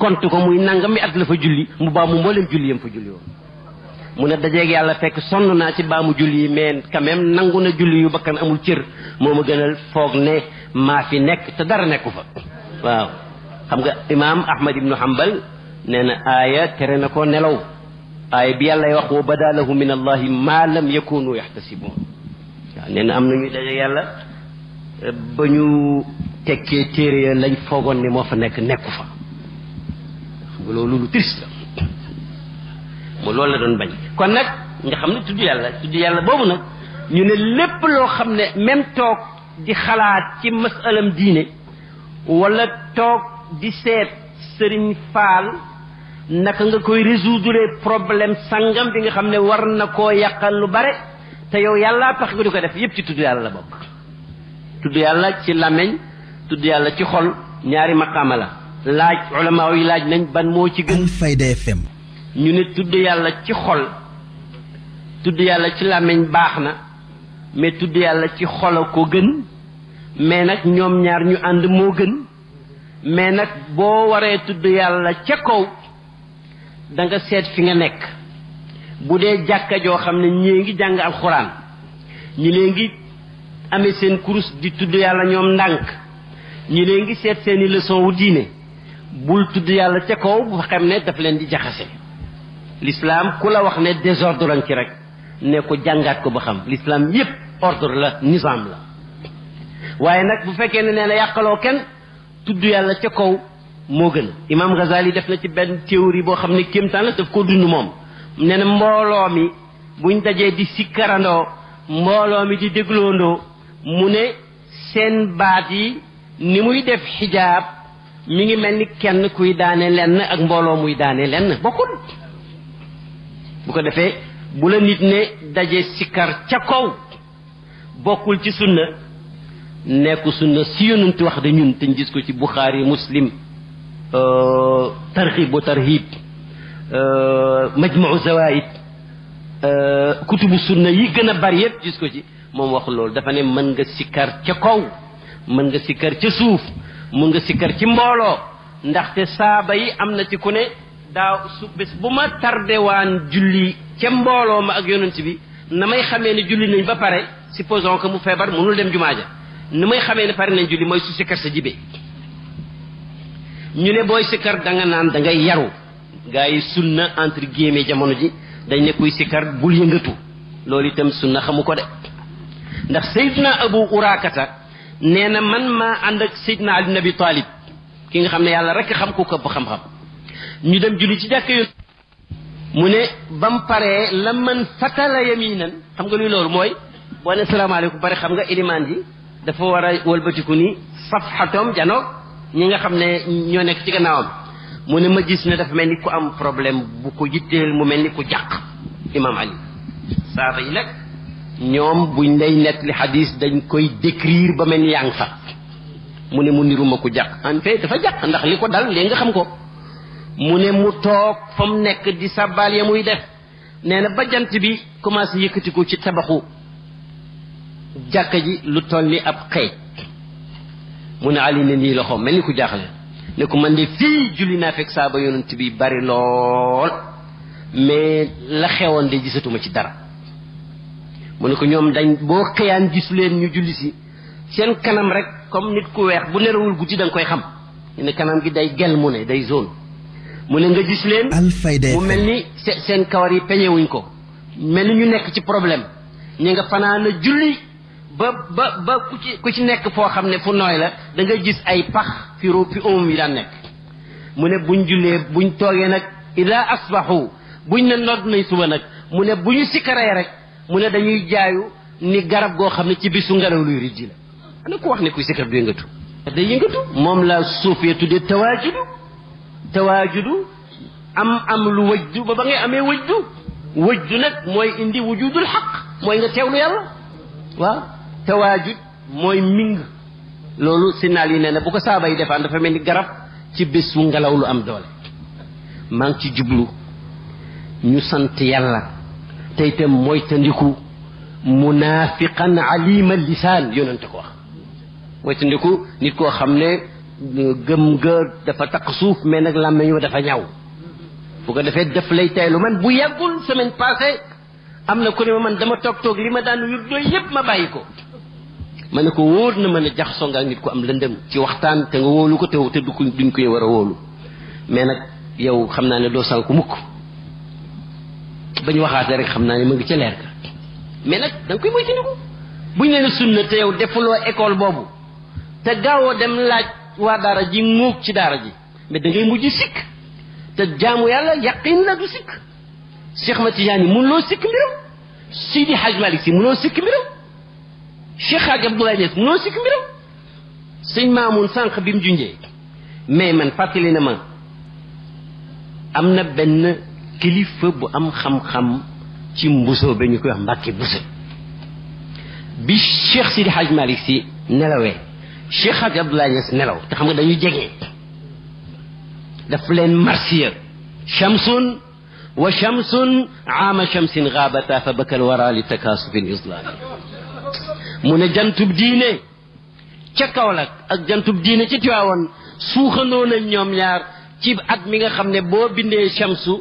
compte ko muy nangami at la fa julli mu baa mu mboolem julli fa julli woon mu ne dajeeg yàlla fekk sonn naa ci baamu julli yi mais nangu na julli yu bakkan amul cër moo ma gënal foog ne maa fi nekk te dara nekku fa waaw xam nga imaam ahmad ibnu hambal nee na aaya tere na ko nelaw aaya bi yàlla wax wa bada lahu min allahi ma lam yakunu yaxtasibun waaw nee na am na ñuy dajeeg yàlla ba ñu tekkee téere lañ foogoon ni moo fa nekk nekku fa bu loolu lu triste mo mu loolu la doon bañ kon nak nga xamne tuddu yalla tuddu yalla bobu nak ñu ne lepp lo xamne même tok di xalaat ci masalam diine wala tok di set sëriñ fall naka nga koy résoudre problème sangam bi nga xamne war na ko yakal lu bare te yow yalla tax nga di ko def yépp ci tuddu yalla la tuddu yalla ci lamagne tuddu yalla ci xol ñaari maqama la laaj ulama yi laaj nañ ban moo ci gën fayda fm ñu ne tudd yàlla ci xol tudd yàlla ci làmmiñ baax na mais tudd yàlla ci xol a ko gën mais nag ñoom ñaar ñu ànd moo gën mais nag boo waree tudd yàlla ca kaw da nga seet fi nga nekk bu dee jàkka joo xam ne ngi jàng alxuraan ñi lee ngi amee seen kurus di tudd yàlla ñoom ndànk ñi lee ngi seet seeni leçon wu diine bul tudd yàlla ca kaw bu xam ne daf leen di jaxase lislaam ku la wax ne désordre ci rek ne ko jàngaat ko ba xam l'islam yépp ordre la nizam la waaye nag bu fekkee ne nee na yàqaloo kenn tudd yàlla ca kaw moo gën a imam Ghazali def na ci benn théorie boo xam ne kéemtaan la daf ko dund moom nee na mbooloo mi buñ dajee di sikkarandoo mbooloo mi di dégloondoo mu ne seen baat yi ni muy def xijaab mi ngi mel ni kenn kuy daane lenn ak mbooloo muy daane lenn bokkul bu ko defee bu la nit ne daje sikkar ca kaw bokkul ci sunna nekku sunna si yonanti wax de ñun te gis ko ci buxaari muslim tarxib wa tarhib majmau zawaid kutubu sunna yi gën a bari yépp gis ko ci moom waxul loolu dafa ne mën nga sikkar ca kaw mën nga sikkar ca suuf mun nga sikkar ci mbooloo ndaxte saaba yi am na ci ku ne daaw su bu ma tardewaan julli ca mbooloo ma ak yonent bi na may xamee ne julli nañ ba pare supposons que mu feebar mënul dem jumaa ja nu may xamee ne pare nañ julli mooy su sikkar sa jibee ñu ne booy sikkar danga naan da ngay yaru gaa yi sunna entre guillemets jamono ji dañ ne kuy sikkar bul yëngatu loolu itam sunna xamu ko de ndax sayyidna abu urakata nee na man maa ànd ak Seydina Ali bin Abi Talib ki nga xam ne yàlla rek xam ku këpp xam-xam ñu dem julli ci jàkk yoon mu ne ba mu paree la man fatala yaminan xam nga luy loolu mooy boo ne salaamaaleykum pare xam nga ilimaan ji dafa war a wëlbatiku ni safxatom janoog ñi nga xam ne ñoo nekk ci gannaawam mu ne ma gis ne dafa mel ni ku am problème bu ko yitteel mu mel ni ku jàq imaam Ali saaba yi nag ñoom buñ lay nettali xadis dañ koy décrire ba mel ni yaa fa mu ne mu niruma ko jàq en fait dafa jàq ndax li ko dal léegi nga xam ko mu ne mu toog fa mu nekk di sàbbaal ya muy def nee na ba jant bi commencé yëkkatiku ci tabaxu jàkka ji lu toll ni ab xeej mu ne ali ne nii loxoom mel ni ku jaaxle ne ko man de fii julli naa fekk saaba yonent bi bari lool mais la xewoon de gisatuma ci dara mu ko ñoom dañ bo xëyaan gis leen ñu julli si seen kanam rek comme nit ku weex bu nerawul guddi da nga koy xam ñu kanam gi day gel mu ne day zone mu ne nga gis leen mu melni ni seen kawari yi wuñ ko melni ñu nekk ci problème ñi nga fanana julli ba ba ba ku ci ku ci nekk fo xamne ne fu noy la da nga gis ay pax fi ro fi umum yi da nekk mu ne buñ julle buñ toge nak ila asbahu buñ ne nod nañ suba nak mu ne buñu sikare rek mu ne dañuy jaayu ni garab goo xam ne ci bisu ngelaw luy rijji la ana ne kuy sikar du yëngatu moom la suuf ya tuddee tawaajudu tawaajudu am am lu wëjdu ba ba ngay amee wëjdu wëjdu nag mooy indi wujudul xaq mooy nga teewlu yàlla waaw tawaajud mooy ming loolu sinaal yi nee na bu ko saaba yi defaan dafa mel ni garab ci bésu ngelaw lu am doole maa ngi ci jublu ñu sant yàlla te itam moytandiku munaafiqan alima lisaan yonente ko wax moytandiku nit koo xam ne euh, gëm nga dafa takk suuf mais nag làmmeñ wa dafa ñaw bu ko defee def lay taylu man bu yàggul semaine passée am na ko ne ma man dama toog toog li ma daan wir dooyu yépp ma bàyyi ko ma ne ko wóor na mën a jaxasoo nga nit ko am lëndëm ci waxtaan te nga wóolu ko te te du duñ koy war a wóolu mais nag yow xam naa ne doo sànku mukk bañ waxaté rek xamna ni ne ngi ci leer ka mais nag da nga koy moytandiku buñ leen sunna te yow defuloo école bobu te gaawoo dem laaj wa dara ji nguug ci dara ji mais da ngay mujj sik te jaamu yàlla yaqin la du sik cheikh mu lo sik mbirum sidi haj malik mu lo sik mbirum cheikh haj abdoulaye ness mu lo sik mbirum seigne mamoun sank bim junjé mais man fàttali ma amna na benn kilifa bu am xam-xam ci mbuso be ñu koy wax mbacke buso bi cheikh sidi haj malik si nelawé cheikh haj abdoulaye ness nelaw te xam nga dañu jégué daf leen marsiya shamsun wa shamsun aama shamsin gaabata fa bakal wara li takaasufin islaami mu ne jantub diine ca Kaolack ak jantub diine ci Tiwaawan suuxandoo nañ ñoom ñaar ci at mi nga xam ne boo bindee shamsu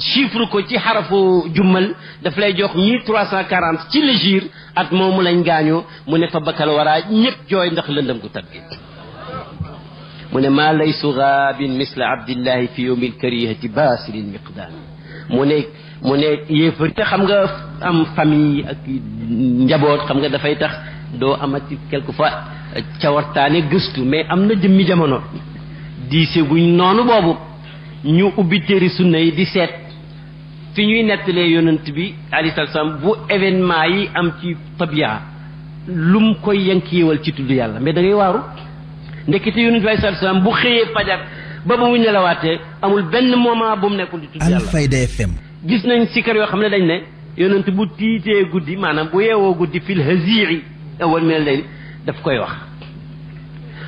chiffre ko ci harfu jumal daf lay jox 1340 ci le jour at momu lañ gaañoo mu ne fa bakal wara ñëpp joy ndax lëndëm gu tab mu ne ma laysu ghabin misl abdillahi fi yowmi lkarihati baasiri lmiqdam mu ne mu ne yéefar te xam nga am famille ak njabot xam nga da fay tax do amati quelque fois ci wartane gëstu mais amna jëmmi jamono diise guñ nonu bobu ñu ubbi téeri sunna yi di seet fi ñuy nettalee yonent bi alayhi sam bu événement yi am ci tabia lum koy yankiiwal ci tudd yàlla mais da ngay waaru ndekete yonent bi alayhi salaam bu xëyee fajar ba ba mu nelawaatee amul benn moment bu mu nekkul di tudd yàlla gis nañ sikar yoo xam ne dañ ne yonent bu tiitee guddi maanaam bu yeewoo guddi fil haziri awal minal layl daf koy wax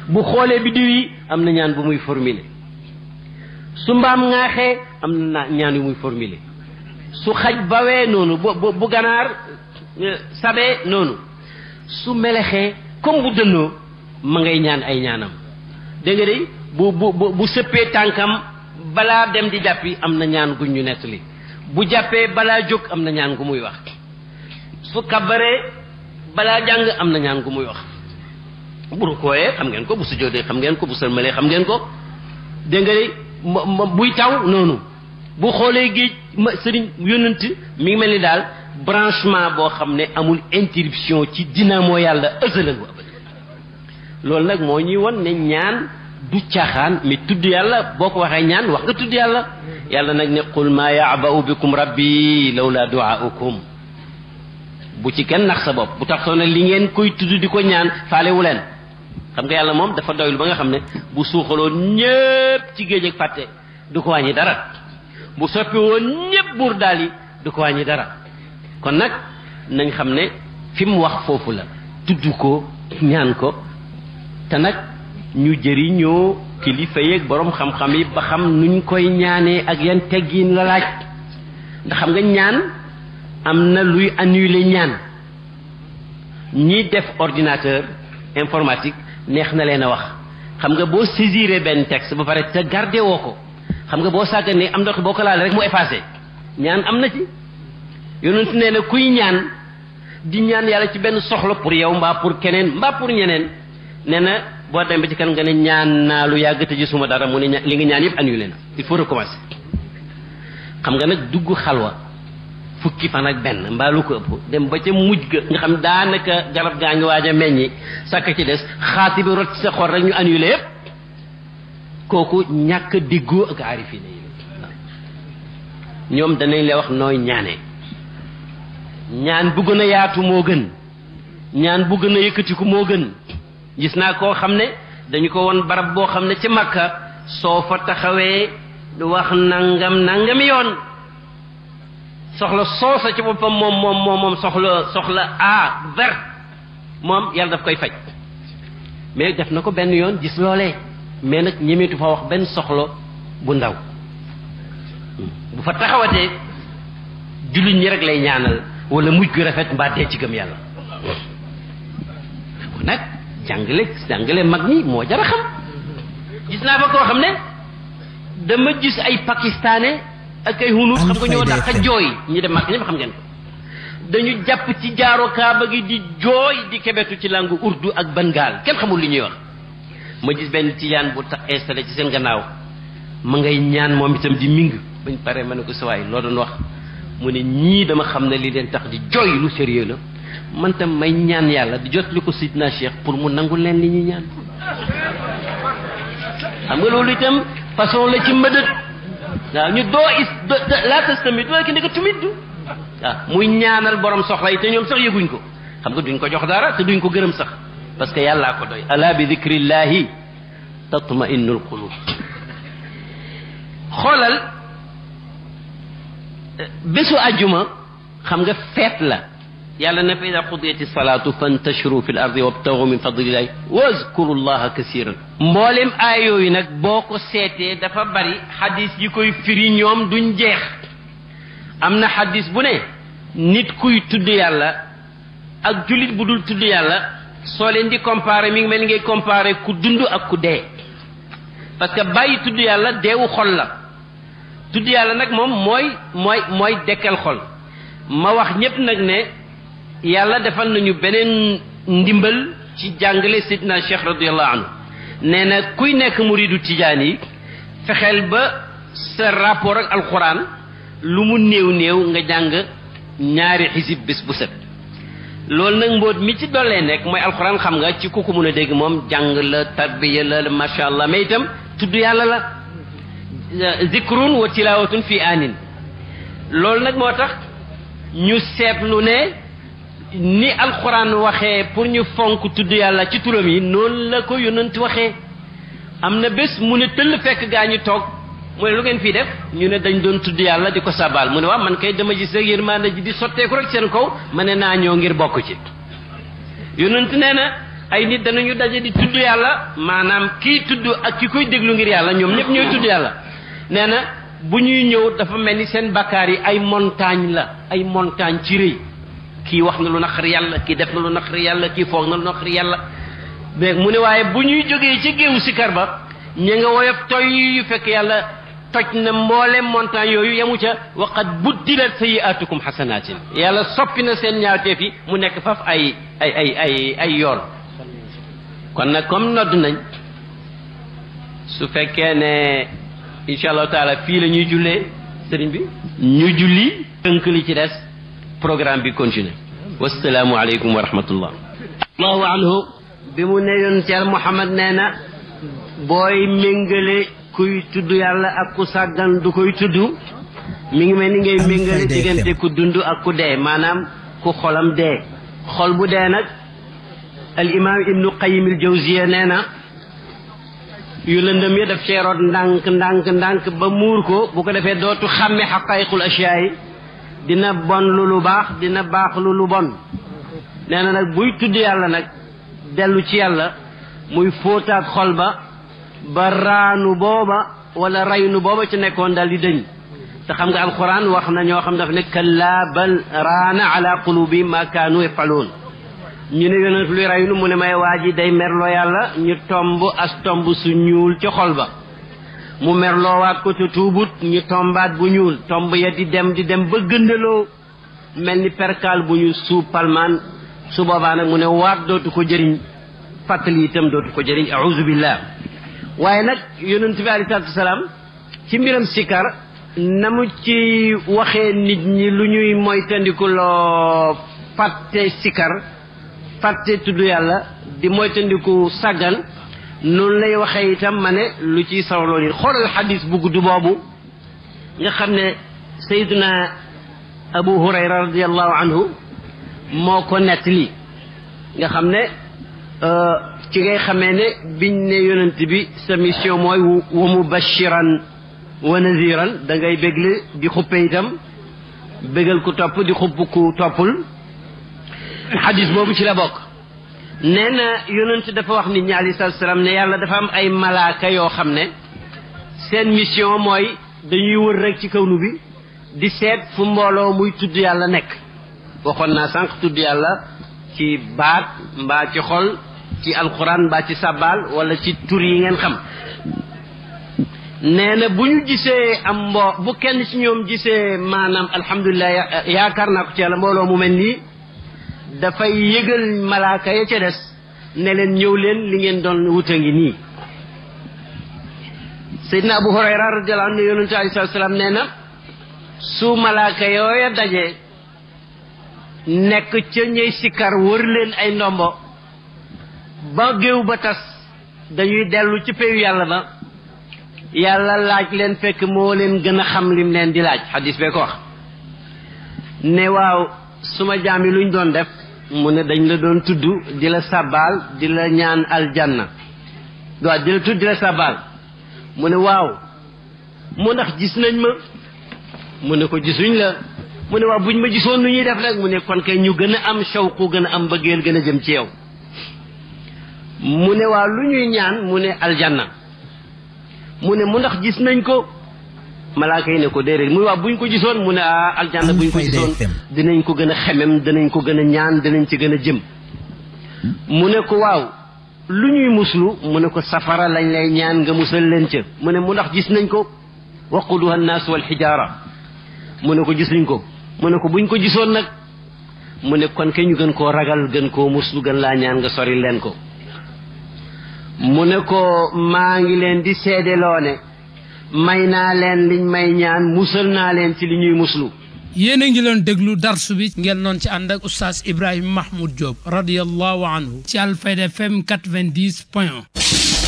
bu xoolee biddiw yi am na ñaan bu muy formuler su mbaam ŋaaxee am na ñaan yu muy formuler su xaj bawee noonu bu bu ganaar euh, sabee noonu su melexee comme bu dënnoo ma ngay ñaan ay ñaanam dégg nga bu bu bu sëppee tànkam balaa dem di jàppi am na ñaan guñ ñu nettali bu jàppee balaa jóg am na ñaan gu muy wax su kabaree balaa jàng am na ñaan gu muy wax bu xam ngeen ko bu sujjóotee xam ngeen ko bu sëlmalee xam ngeen ko dégg nga buy taw noonu bu xoolee géej ma sëriñ yónnant mi ngi mel ni daal branchement boo xam ne amul interruption ci dinamo yàlla ësalan wa loolu nag moo ñuy won ne ñaan du caaxaan mais tudd yàlla boo ko waxee ñaan wax nga tudd yàlla yàlla nag ne qul maa yaba'u bikum rabbi lawla du'aukum bu ci kenn nax sa bopp bu tax soo ne li ngeen koy tudd di ko ñaan faalewu leen xam nga yàlla moom dafa doyul ba nga xam ne bu suuxaloo ñépp ci géej ak fàtte du ko wàññi dara bu soppi woon ñépp buur daal yi du ko wàññi dara kon nag nañ xam ne fi mu wax foofu la tudd ko ñaan ko te nag ñu jëriñoo kilifa yeeg borom xam-xam yi ba xam nuñ koy ñaanee ak yan teggin la laaj ndax xam nga ñaan am na luy annuler ñaan ñi def ordinateur informatique neex na leen a wax xam nga boo saisiré benn texte ba pare te gardé woo ko xam nga boo sàgganee am ndox boo ko laale rek mu effacé ñaan am na ci yonent nee na kuy ñaan di ñaan yàlla ci benn soxla pour yow mbaa pour keneen mbaa pour ñeneen nee na boo dem ba ci kanam nga ne ñaan naa lu yàgg te gisuma dara mu ne li nga ñaan yëpp annulé na leen faut recommencer xam nga nag dugg xalwa fukki fan ak ben ko bu dem ba ci mujj ga nga xam daanaka garab gaa ngi waaj a meññi ci des khatib rot ci xor rek ñu annulé yépp koku ñak diggu ak aarifine yi da danañ le wax noy ñaané ñaan bu gëna yaatu mo gën ñaan bu gëna yëkëti ku mo gën gis na ko xamne ko won barab bo xamne ci makka so fa du wax nangam nangam yoon soxla soosa ci boppam moom moom moom moom soxla soxla a vert moom yàlla daf koy faj mais def na ko benn yoon gis loolee mais nag ñemeetu fa wax benn soxla bu ndaw bu fa taxawatee jullit ñi rek lay ñaanal wala mujj gu rafet mbaa dee ci gëm yàlla kon nag jàngale jàngale mag ñi moo jar a xam gis naa fa koo xam ne dama gis ay pakistanais ak ay hunus xam nga ñoo dàq joy ñi dem màkk ñi xam ngeen dañu japp ci jaaro kaaba gi di joy di kebetu ci langu urdu ak bengal kenn xamul li ñuy wax ma gis benn tijaan bu tax installé ci seen gannaaw ma ngay ñaan moom itam di ming bañ pare ma ko saway lo doon wax mu ne ñi dama xam ne li leen tax di joy lu sérieux la man tam may ñaan yàlla di jot li ko sidna cheikh pour mu nangul leen li ñuy ñaan xam nga loolu itam façon la ci waaw ñu doo is la tastamiddu laakin ne ko tumiddu waaw muy ñaanal borom soxla yi te ñoom sax ko xam nga duñ ko jox dara te duñ ko gërëm sax parce que yàllaa ko doy ala bi dikrillahi tatma'innul qulub xoolal eh, bésu àjjuma xam nga feet la يلا نبي إذا قضيت الصلاة فانتشروا في الأرض وابتغوا من فضل الله واذكروا الله كثيرا مولم آيوي نك بوكو سيتي دفا بري حديث يكوي فري نيوم دون جيخ أمنا حديث بني نيت كوي تدو يلا أك جوليت بدول تدو يلا سولين دي كمپاري مين مين جي كمپاري كو دندو أك كو تدو يلا ديو خلا تدو يلا نك موم موي موي موي ديكال خل ما وخ نيب نك yàlla defal nañu beneen ndimbal ci jàngale sidna cheikh radiallahu anhu nee na kuy nekk muridu tijaan yi fexeel ba sa rapport ak alxuraan lu mu néew néew nga jàng ñaari xisib bu set loolu nag mbóot mi ci dollee nekk mooy alxuraan xam nga ci ku ko mën a dégg moom jàng la tarbiya la macha allah mais itam tudd yàlla la zikrun wa tilaawatun fi anin loolu nag moo tax ñu seetlu ne ni alxuraan waxee pour ñu fonk tudd yàlla ci turam yi noonu la ko yonent waxee am na bés mu ne tëll fekk gaa ñu toog mu ne lu ngeen fii def ñu ne dañ doon tudd yàlla di ko sabaal mu ne waaw man kay dama gis rek yërmaande ji di sotteeku rek seen kaw ma ne naa ñëw ngir bokk ci yonent nee na ay nit danañu daje di tudd yàlla maanaam kii tudd ak ki koy déglu ngir yàlla ñoom ñëpp ñooy tudd yàlla nee na bu ñuy ñëw dafa mel ni seen bakkaar yi ay montagne la ay montagne ci rëy ki wax na lu naqar yàlla ki def na lu naqar yàlla ki foog na lu naqar yàlla mais mu ne waaye bu ñuy jógee ci géew sikar ba ña nga woyof toy yu fekk yàlla toj na mboolem montagne yooyu yamu ca waqad buddilat sayiatukum xasanatin yàlla soppi na seen ñaawteef yi mu nekk faf ay ay ay ay ay yoon kon nag comme nodd nañ su fekkee ne insha allahu taala fii la ñuy jullee sëriñ bi ñu julli tënk li ci des programme bi continuer wasalaamu aleykum wa rahmatullah allahu anhu bi mu ne yonent yàlla Muhammad nee na booy méngale kuy tudd yàlla ak ku sàggan du koy tudd mi ngi mel ngay méngale diggante ku dund ak ku dee maanaam ku xolam dee xol bu dee nag al imam ibnu qayim al jawziya nee na yu lëndëm ya daf ceeroot ndànk ndànk ndànk ba muur ko bu ko defee dootu xàmme xaqaayiqul asiyaa dina bon lu lu baax dina baax lu lu bon nee na nag buy tudd yàlla nag dellu ci yàlla muy fóotaat xol ba ba raanu booba wala raynu booba ci nekkoon daal di dëñ te xam nga alquran wax na ñoo xam dafa ne kallaa bal raana ala qulubi ma kaanu yafaluun ñu ne yonent luy raynu mu ne may waa ji day merloo yàlla ñu tomb as tomb su ñuul ci xol ba mu merloowaat ko te tuubut ñu tombaat bu ñuul tomb ya di dem di dem ba gëndaloo mel ni perkaal bu ñu suub palmaan su boobaa nag mu ne waat dootu ko jëriñ fàttali itam dootu ko jëriñ auzu billah waaye nag yonent bi alei salatu wasalaam ci mbiram sikar na mu ci waxee nit ñi lu ñuy moytandikuloo fàtte sikar fàtte tudd yàlla di moytandiku sàggan noonu lay waxee itam ma ne lu ciy sawloo nit xadis bu gudd boobu nga xam ne sayduna abu hurayra radiallahu anhu moo ko nett lii nga xam ne euh, ci ngay xamee ne biñ ne yonent bi sa mission mooy wa mubashiran wa naziran da ngay bégle di xuppe itam bégal ku topp di xupp ku toppul xadis boobu ci la bokk neena na yonent dafa wax nit ñi alayhi salaam ne yàlla dafa am ay malaaka yoo xam ne seen mission mooy dañuy wër rek ci kaw nu bi di seet fu mbooloo muy tudd yàlla nekk waxoon naa sànq tudd yàlla ci baat mbaa ci xol ci alquran mbaa ci sabbal wala ci tur yi ngeen xam nee na bu ñu gisee am mbo bu kenn ci ñoom gisee maanaam alhamdulilah yaakaar naa ko ci yàlla mbooloo mu mel nii dafay yëgal malaaka ya ca des ne leen ñëw leen li ngeen doon a ngi nii seydina abu hurayra radiyallahu anhu yonente alei salatu salaam nee na su malaaka yooya daje nekk ca ñëy sikkar wër leen ay ndombo ba géew ba tas dañuy dellu ci péyu yàlla ba yàlla laaj leen fekk moo leen gën a xam lim leen di laaj xadis bee ko wax ne waaw suma jaam yi luñ doon def mu ne dañ la doon tudd di la sabal di la ñaan aljana waaw di la tudd di la sabaal mu ne waaw mu ndax gis nañ ma mu ne ko gisuñ la mu ne waaw buñ ma gisoon nu ñuy def rek mu ne kon ñu gën a am shawku gën a am bëggeel gën a jëm ci yow mu ne waaw lu ñuy ñaan mu ne aljana mu ne mu ndax gis nañ ko malaaka yi ne ko déedéet muy wax buñ ko gisoon mu ne ah aljanna buñ ko gisoon dinañ ko gën a xemem dinañ ko gën a ñaan dinañ ci gën a jëm mu ne ko waaw lu ñuy muslu mu ne ko safara lañ lay ñaan nga musal leen ca mu ne mu ndax gis nañ ko waquduha annaas wal xijaara mu ne ko gis nañ ko mu ne ko buñ ko gisoon nag mu ne kon ke gën koo ragal gën koo muslu gën laa ñaan nga sori leen ko mu ne ko maa ngi leen di seedeloone may naa leen liñ may ñaan musal naa leen ci li ñuy muslu yéen a ngi doon déglu darsu bi ngeen noon ci ànd ak oustaz Ibrahima Mahmoud Diop radiyallahu anhu ci Alfayda FM 90 point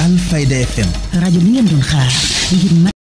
1 FM rajo bi ngeen doon xaar